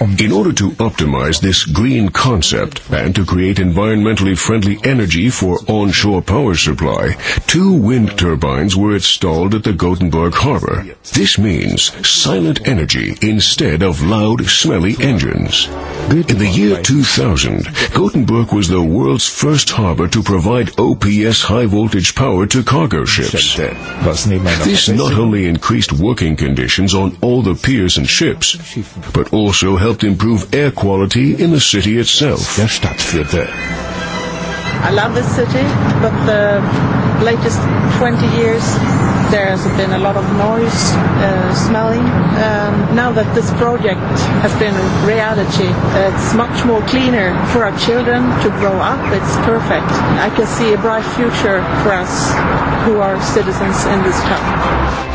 J: In order to optimize this green concept and to create environmentally friendly energy for onshore power supply, two wind turbines were installed at the Gothenburg harbor. This means silent energy instead of loud, smelly engines. In the year 2000, Gothenburg was the world's first harbor to provide OPS high voltage power to cargo ships. This not only increased working conditions on all the piers and ships, but also helped helped improve air quality in the city itself. Der Stadt Viertel.
E: I love this city, but the latest 20 years there has been a lot of noise, uh, smelling. Um, now that this project has been reality, it's much more cleaner
I: for our children to grow up. It's perfect. I can see a bright future for us who are citizens in this town.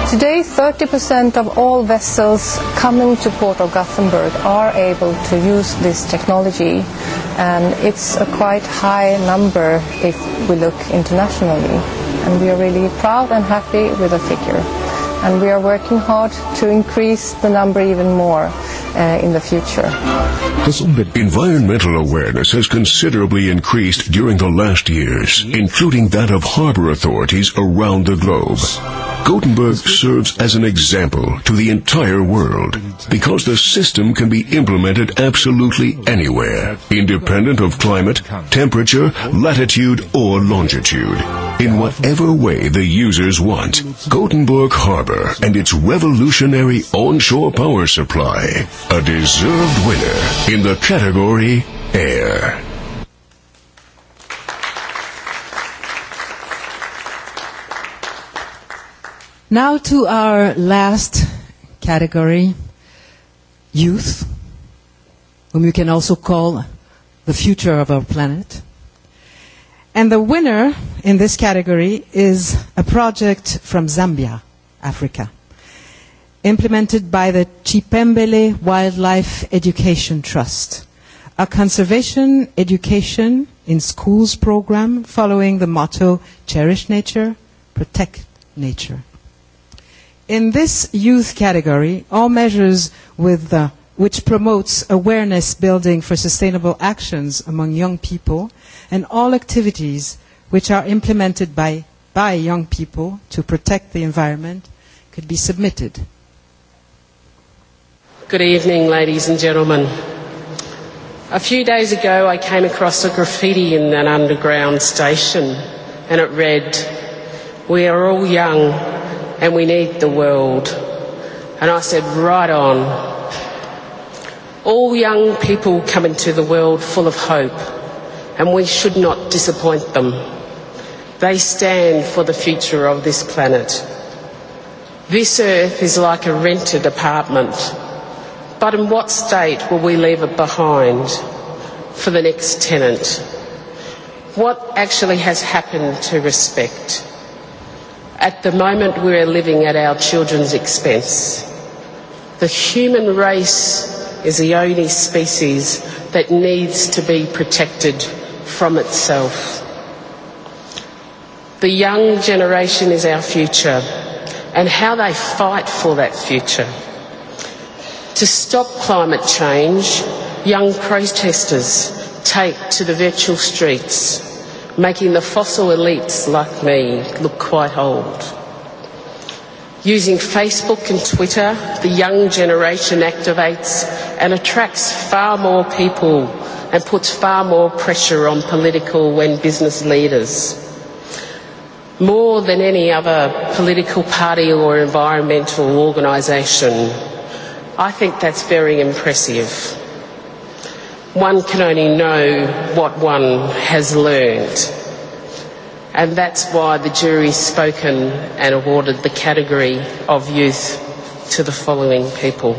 N: Today, 30% of all vessels coming to Port of Gothenburg are able to use this technology, and it's a quite high number cheaper if we look internationally. And we are really proud and happy with the figure and we are working hard to increase the number even more uh, in the future.
J: Environmental awareness has considerably increased during the last years, including that of harbor authorities around the globe. Gothenburg serves as an example to the entire world because the system can be implemented absolutely anywhere, independent of climate, temperature, latitude, or longitude, in whatever way the users want. Gothenburg Harbor Harbor and its revolutionary onshore power supply. A deserved winner in the category Air.
E: Now to our last category, youth, whom you can also call the future of our planet. And the winner in this category is a project from Zambia. Africa, implemented by the Chipembele Wildlife Education Trust, a conservation education in schools program following the motto Cherish Nature, Protect Nature. In this youth category, all measures with the, uh, which promotes awareness building for sustainable actions among young people and all activities which are implemented by by young people to protect the environment could be submitted.
H: Good evening, ladies and gentlemen. A few days ago, I came across a graffiti in an underground station, and it read, We are all young and we need the world. And I said, Right on. All young people come into the world full of hope, and we should not disappoint them. They stand for the future of this planet. This earth is like a rented apartment. But in what state will we leave it behind for the next tenant? What actually has happened to respect? At the moment, we are living at our children's expense. The human race is the only species that needs to be protected from itself. The young generation is our future and how they fight for that future. To stop climate change, young protesters take to the virtual streets, making the fossil elites like me look quite old. Using Facebook and Twitter, the young generation activates and attracts far more people and puts far more pressure on political and business leaders more than any other political party or environmental organisation. I think that's very impressive. One can only know what one has learned. And that's why the jury's spoken and awarded the category of youth to the following people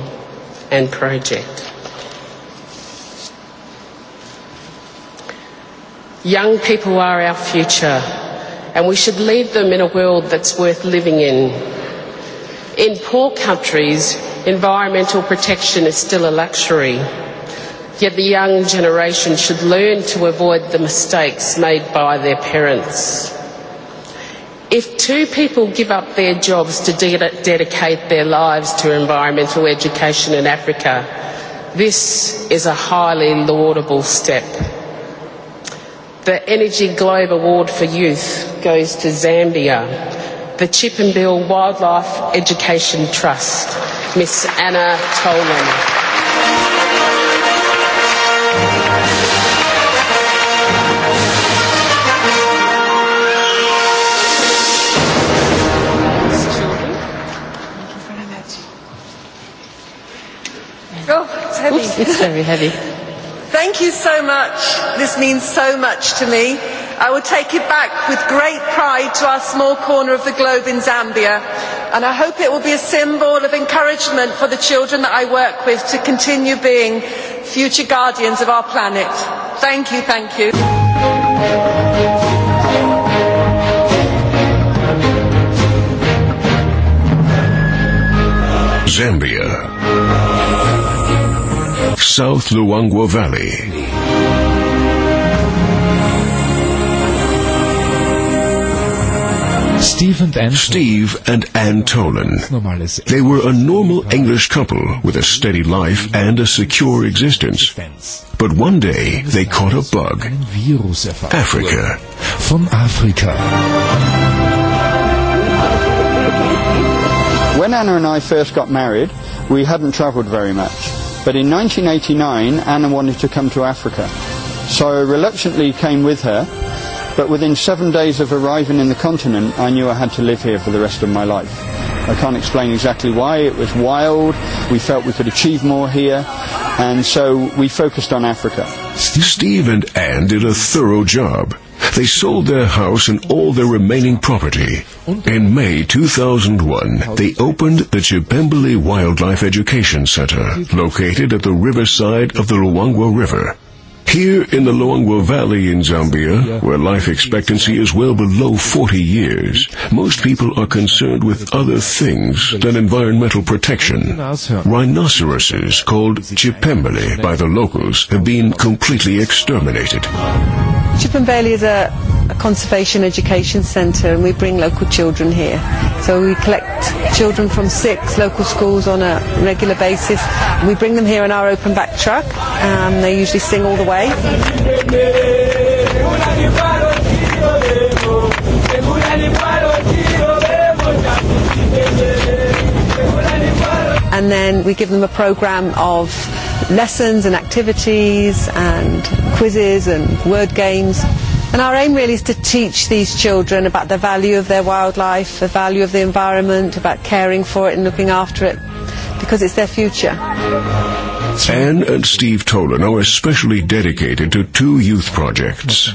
H: and project. Young people are our future and we should leave them in a world that's worth living in. In poor countries, environmental protection is still a luxury, yet the young generation should learn to avoid the mistakes made by their parents. If two people give up their jobs to de- dedicate their lives to environmental education in Africa, this is a highly laudable step. The Energy Globe Award for Youth goes to Zambia. The Chip and Bill Wildlife Education Trust, Miss Anna Tolan.
N: Oh, it's heavy. Oops, it's very heavy.
G: Thank you so much. This means so much to me. I will take it back with great pride to our small corner of the globe in Zambia. And I hope it will be a symbol of encouragement for the children that I work with to continue being future guardians of our planet. Thank you, thank you.
J: Zambia South Luangwa Valley. Steve and Anton. Steve and Antonin. They were a normal English couple with a steady life and a secure existence. But one day they caught a
C: bug. Africa. Von Afrika. When Anna and I first got married, we hadn't traveled very much. But in 1989, Anna wanted to come to Africa. So I reluctantly came with her, but within seven days of arriving in the continent, I knew I had to live here for the rest of my life. I can't explain exactly why. It was wild. We felt we could achieve more here. And so we focused on Africa.
J: Steve and Anne did a thorough job. They sold their house and all their remaining property. In May 2001, they opened the Chipembele Wildlife Education Center, located at the riverside of the Luangwa River. Here in the Luangwa Valley in Zambia, where life expectancy is well below 40 years, most people are concerned with other things than environmental protection. Rhinoceroses, called chipembele by the locals, have been completely exterminated.
G: Chipembele is a a conservation education centre and we bring local children here. So we collect children from six local schools on a regular basis. We bring them here in our open back truck and they usually sing all the way And then we give them a program of lessons and activities and quizzes and word games. And our aim really is to teach these children about the value of their wildlife, the value of the environment, about caring for it and looking after it because it's their future.
J: Anne and Steve Tolan are especially dedicated to two youth projects.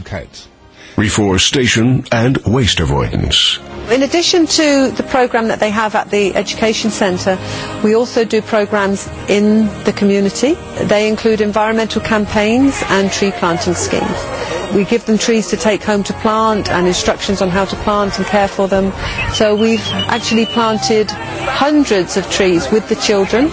J: Reforestation and waste avoidance.
G: In addition to the program that they have at the Education center, we also do programs in the community. They include environmental campaigns and tree planting schemes we give them trees to take home to plant and instructions on how to plant and care for them. So we've actually planted hundreds of trees with the children,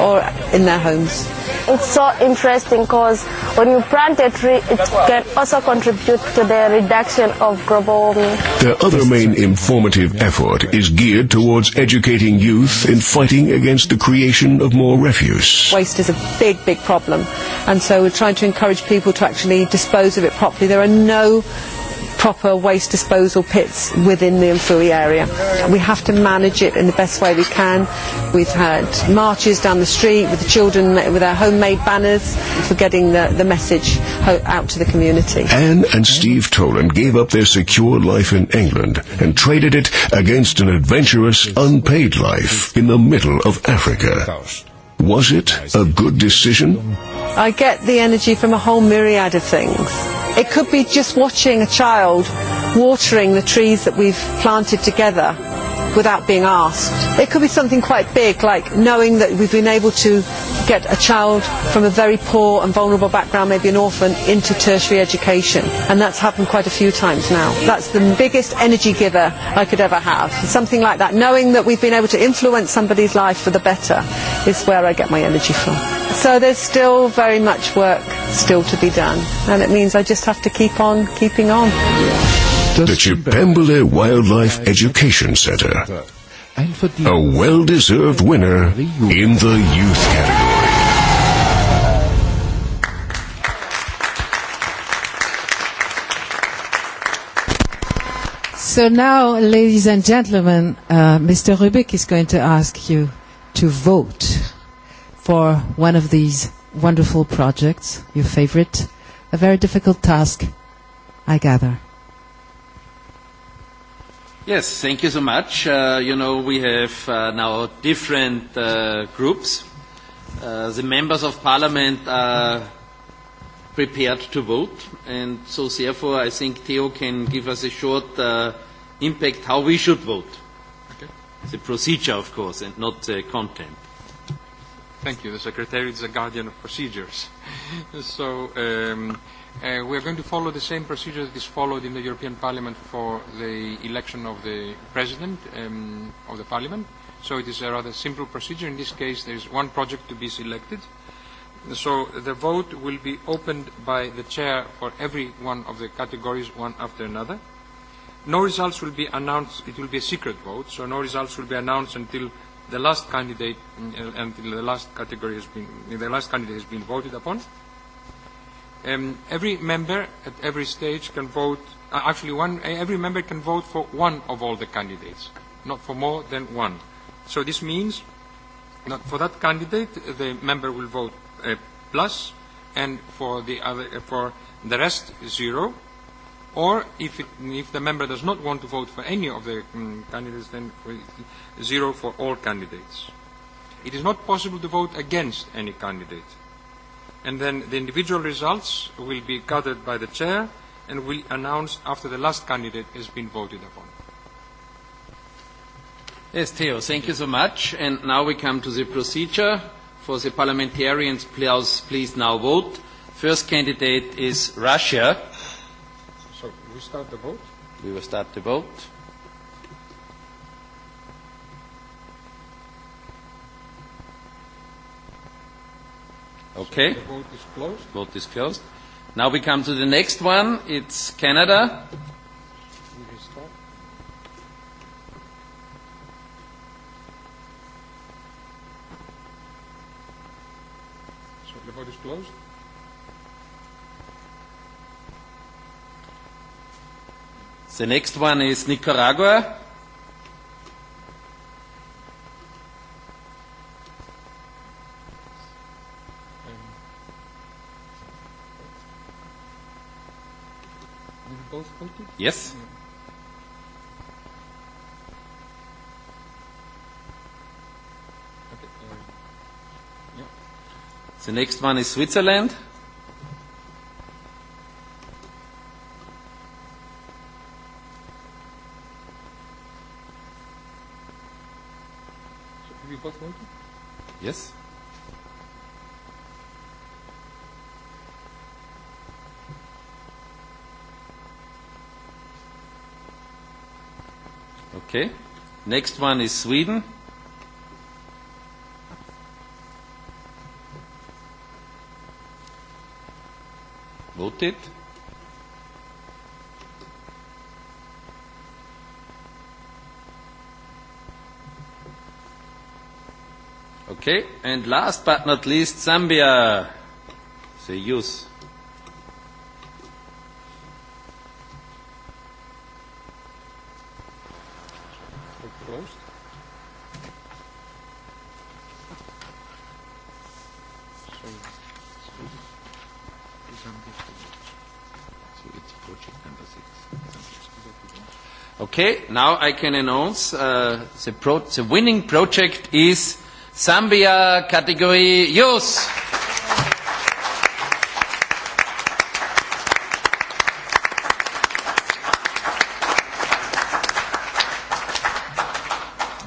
G: or in their homes
N: it's so interesting because when you plant a tree, it can also contribute to the reduction of global warming.
J: Their other main informative effort is geared towards educating youth in fighting against the creation of more refuse.
G: Waste is a big, big problem, and so we're trying to encourage people to actually dispose of it properly. There are no proper waste disposal pits within the Mfui area. We have to manage it in the best way we can. We've had marches down the street with the children with our homemade banners for getting the, the message out to the community.
J: Anne and Steve Toland gave up their secure life in England and traded it against an adventurous, unpaid life in the middle of Africa. Was it a good decision?
G: I get the energy from a whole myriad of things It could be just watching a child watering the trees that we've planted together without being asked. It could be something quite big, like knowing that we've been able to get a child from a very poor and vulnerable background, maybe an orphan, into tertiary education. And that's happened quite a few times now. That's the biggest energy giver I could ever have. Something like that. Knowing that we've been able to influence somebody's life for the better is where I get my energy from. So there's still very much work still to be done. And it means I just have to keep on keeping on. Yeah
J: the Chipembele Wildlife Education Center, a well-deserved winner in the youth category.
E: So now, ladies and gentlemen, uh, Mr. Rubik is going to ask you to vote for one of these wonderful projects, your favorite. A very difficult task, I gather.
A: Yes, thank you so much. Uh, you know, we have uh, now different uh, groups. Uh, the members of parliament are prepared to vote, and so therefore I think Theo can give us a short uh, impact how we should vote. Okay. The procedure, of course, and not the content.
M: Thank you. The Secretary is the guardian of procedures. so um, uh, we are going to follow the same procedure that is followed in the European Parliament for the election of the President um, of the Parliament. So it is a rather simple procedure. In this case, there is one project to be selected. So the vote will be opened by the chair for every one of the categories, one after another. No results will be announced. It will be a secret vote, so no results will be announced until The last candidate until the last category has been the last candidate has been voted upon. Um, every member at every stage can vote. Uh, actually, one uh, every member can vote for one of all the candidates, not for more than one. So this means that for that candidate, the member will vote uh, plus, and for the other uh, for the rest zero or if, it, if the member does not want to vote for any of the um, candidates, then zero for all candidates. It is not possible to vote against any candidate. And then the individual results will be gathered by the chair and will be announced after the last candidate has been voted upon.
A: Yes, Theo, thank you so much. And now we come to the procedure. For the parliamentarians, please, please now vote. First candidate is Russia.
M: So we start the vote.
A: We will start the vote. Okay. So the vote is closed. Vote is closed. Now we come to the next one. It's Canada.
M: So the vote is closed.
A: The next one is Nicaragua. Yes. The next one is Switzerland.
M: Lukas possibility?
Q: Yes.
A: Okay. Next one is Sweden. Voted. Okay, and last but not least, Zambia. The youth. Okay, now I can announce uh, the, pro the winning project is Sambia, Kategorie Jus.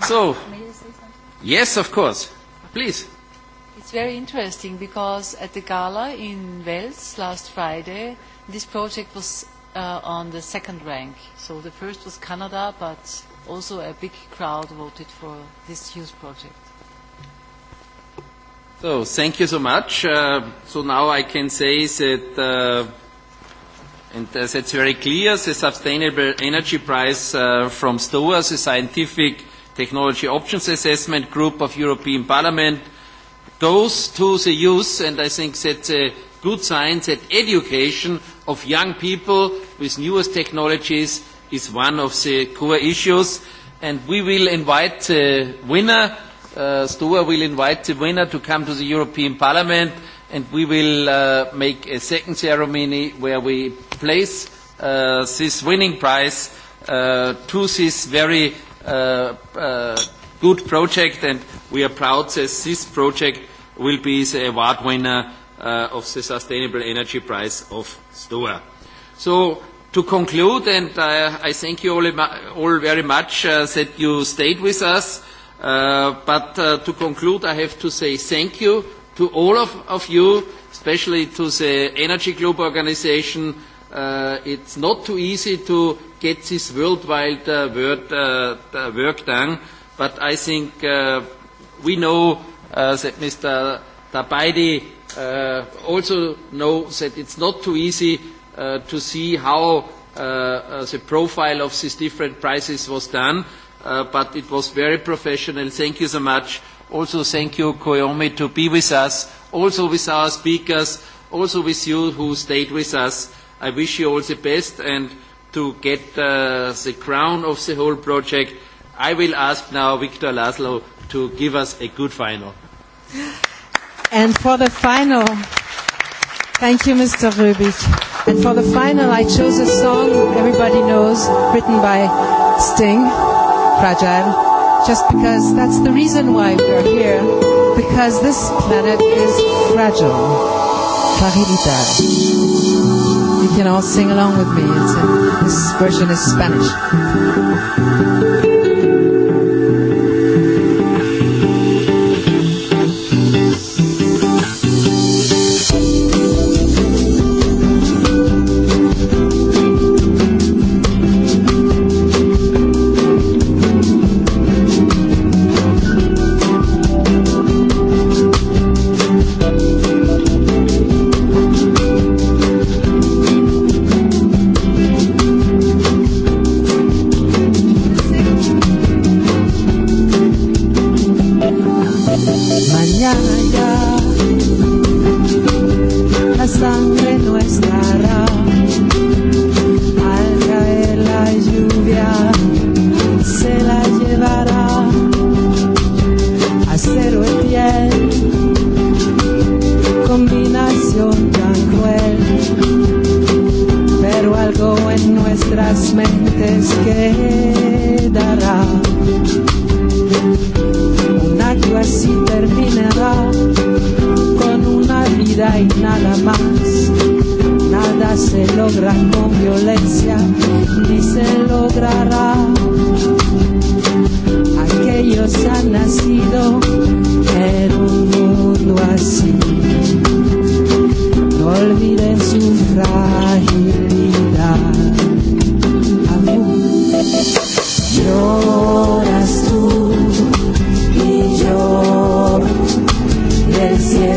A: So, yes, of course. Please.
K: It's very interesting because at the gala in Wales last Friday, this project was uh, on the second rank. So the first was Canada, but also a big crowd voted for this youth project.
A: So thank you so much. Uh, so now I can say that, uh, and as that's very clear, the sustainable energy price uh, from STOA, the Scientific Technology Options Assessment Group of European Parliament, goes to the youth, and I think that's a good sign that education of young people with newest technologies is one of the core issues. And we will invite the winner uh, Stoa will invite the winner to come to the European Parliament and we will uh, make a second ceremony where we place uh, this winning prize uh, to this very uh, uh, good project and we are proud that this project will be the award winner uh, of the Sustainable Energy Prize of Stoa. So to conclude, and uh, I thank you all, uh, all very much uh, that you stayed with us. Uh, but uh, to conclude, I have to say thank you to all of, of you, especially to the Energy Globe Organization. Uh, it's not too easy to get this worldwide uh, word, uh, work done, but I think uh, we know uh, that Mr. Tabaidi uh, also knows that it's not too easy uh, to see how uh, uh, the profile of these different prices was done. Uh, but it was very professional. Thank you so much. Also, thank you, Koyomi, to be with us, also with our speakers, also with you who stayed with us. I wish you all the best, and to get uh, the crown of the whole project, I will ask now Victor Laszlo to give us a good final.
E: And for the final, thank you, Mr. Rubik. And for the final, I chose a song everybody knows, written by Sting fragile, just because that's the reason why we are here, because this planet is fragile. Fragilidad. You can all sing along with me. It's a, this version is Spanish.
O: el cielo.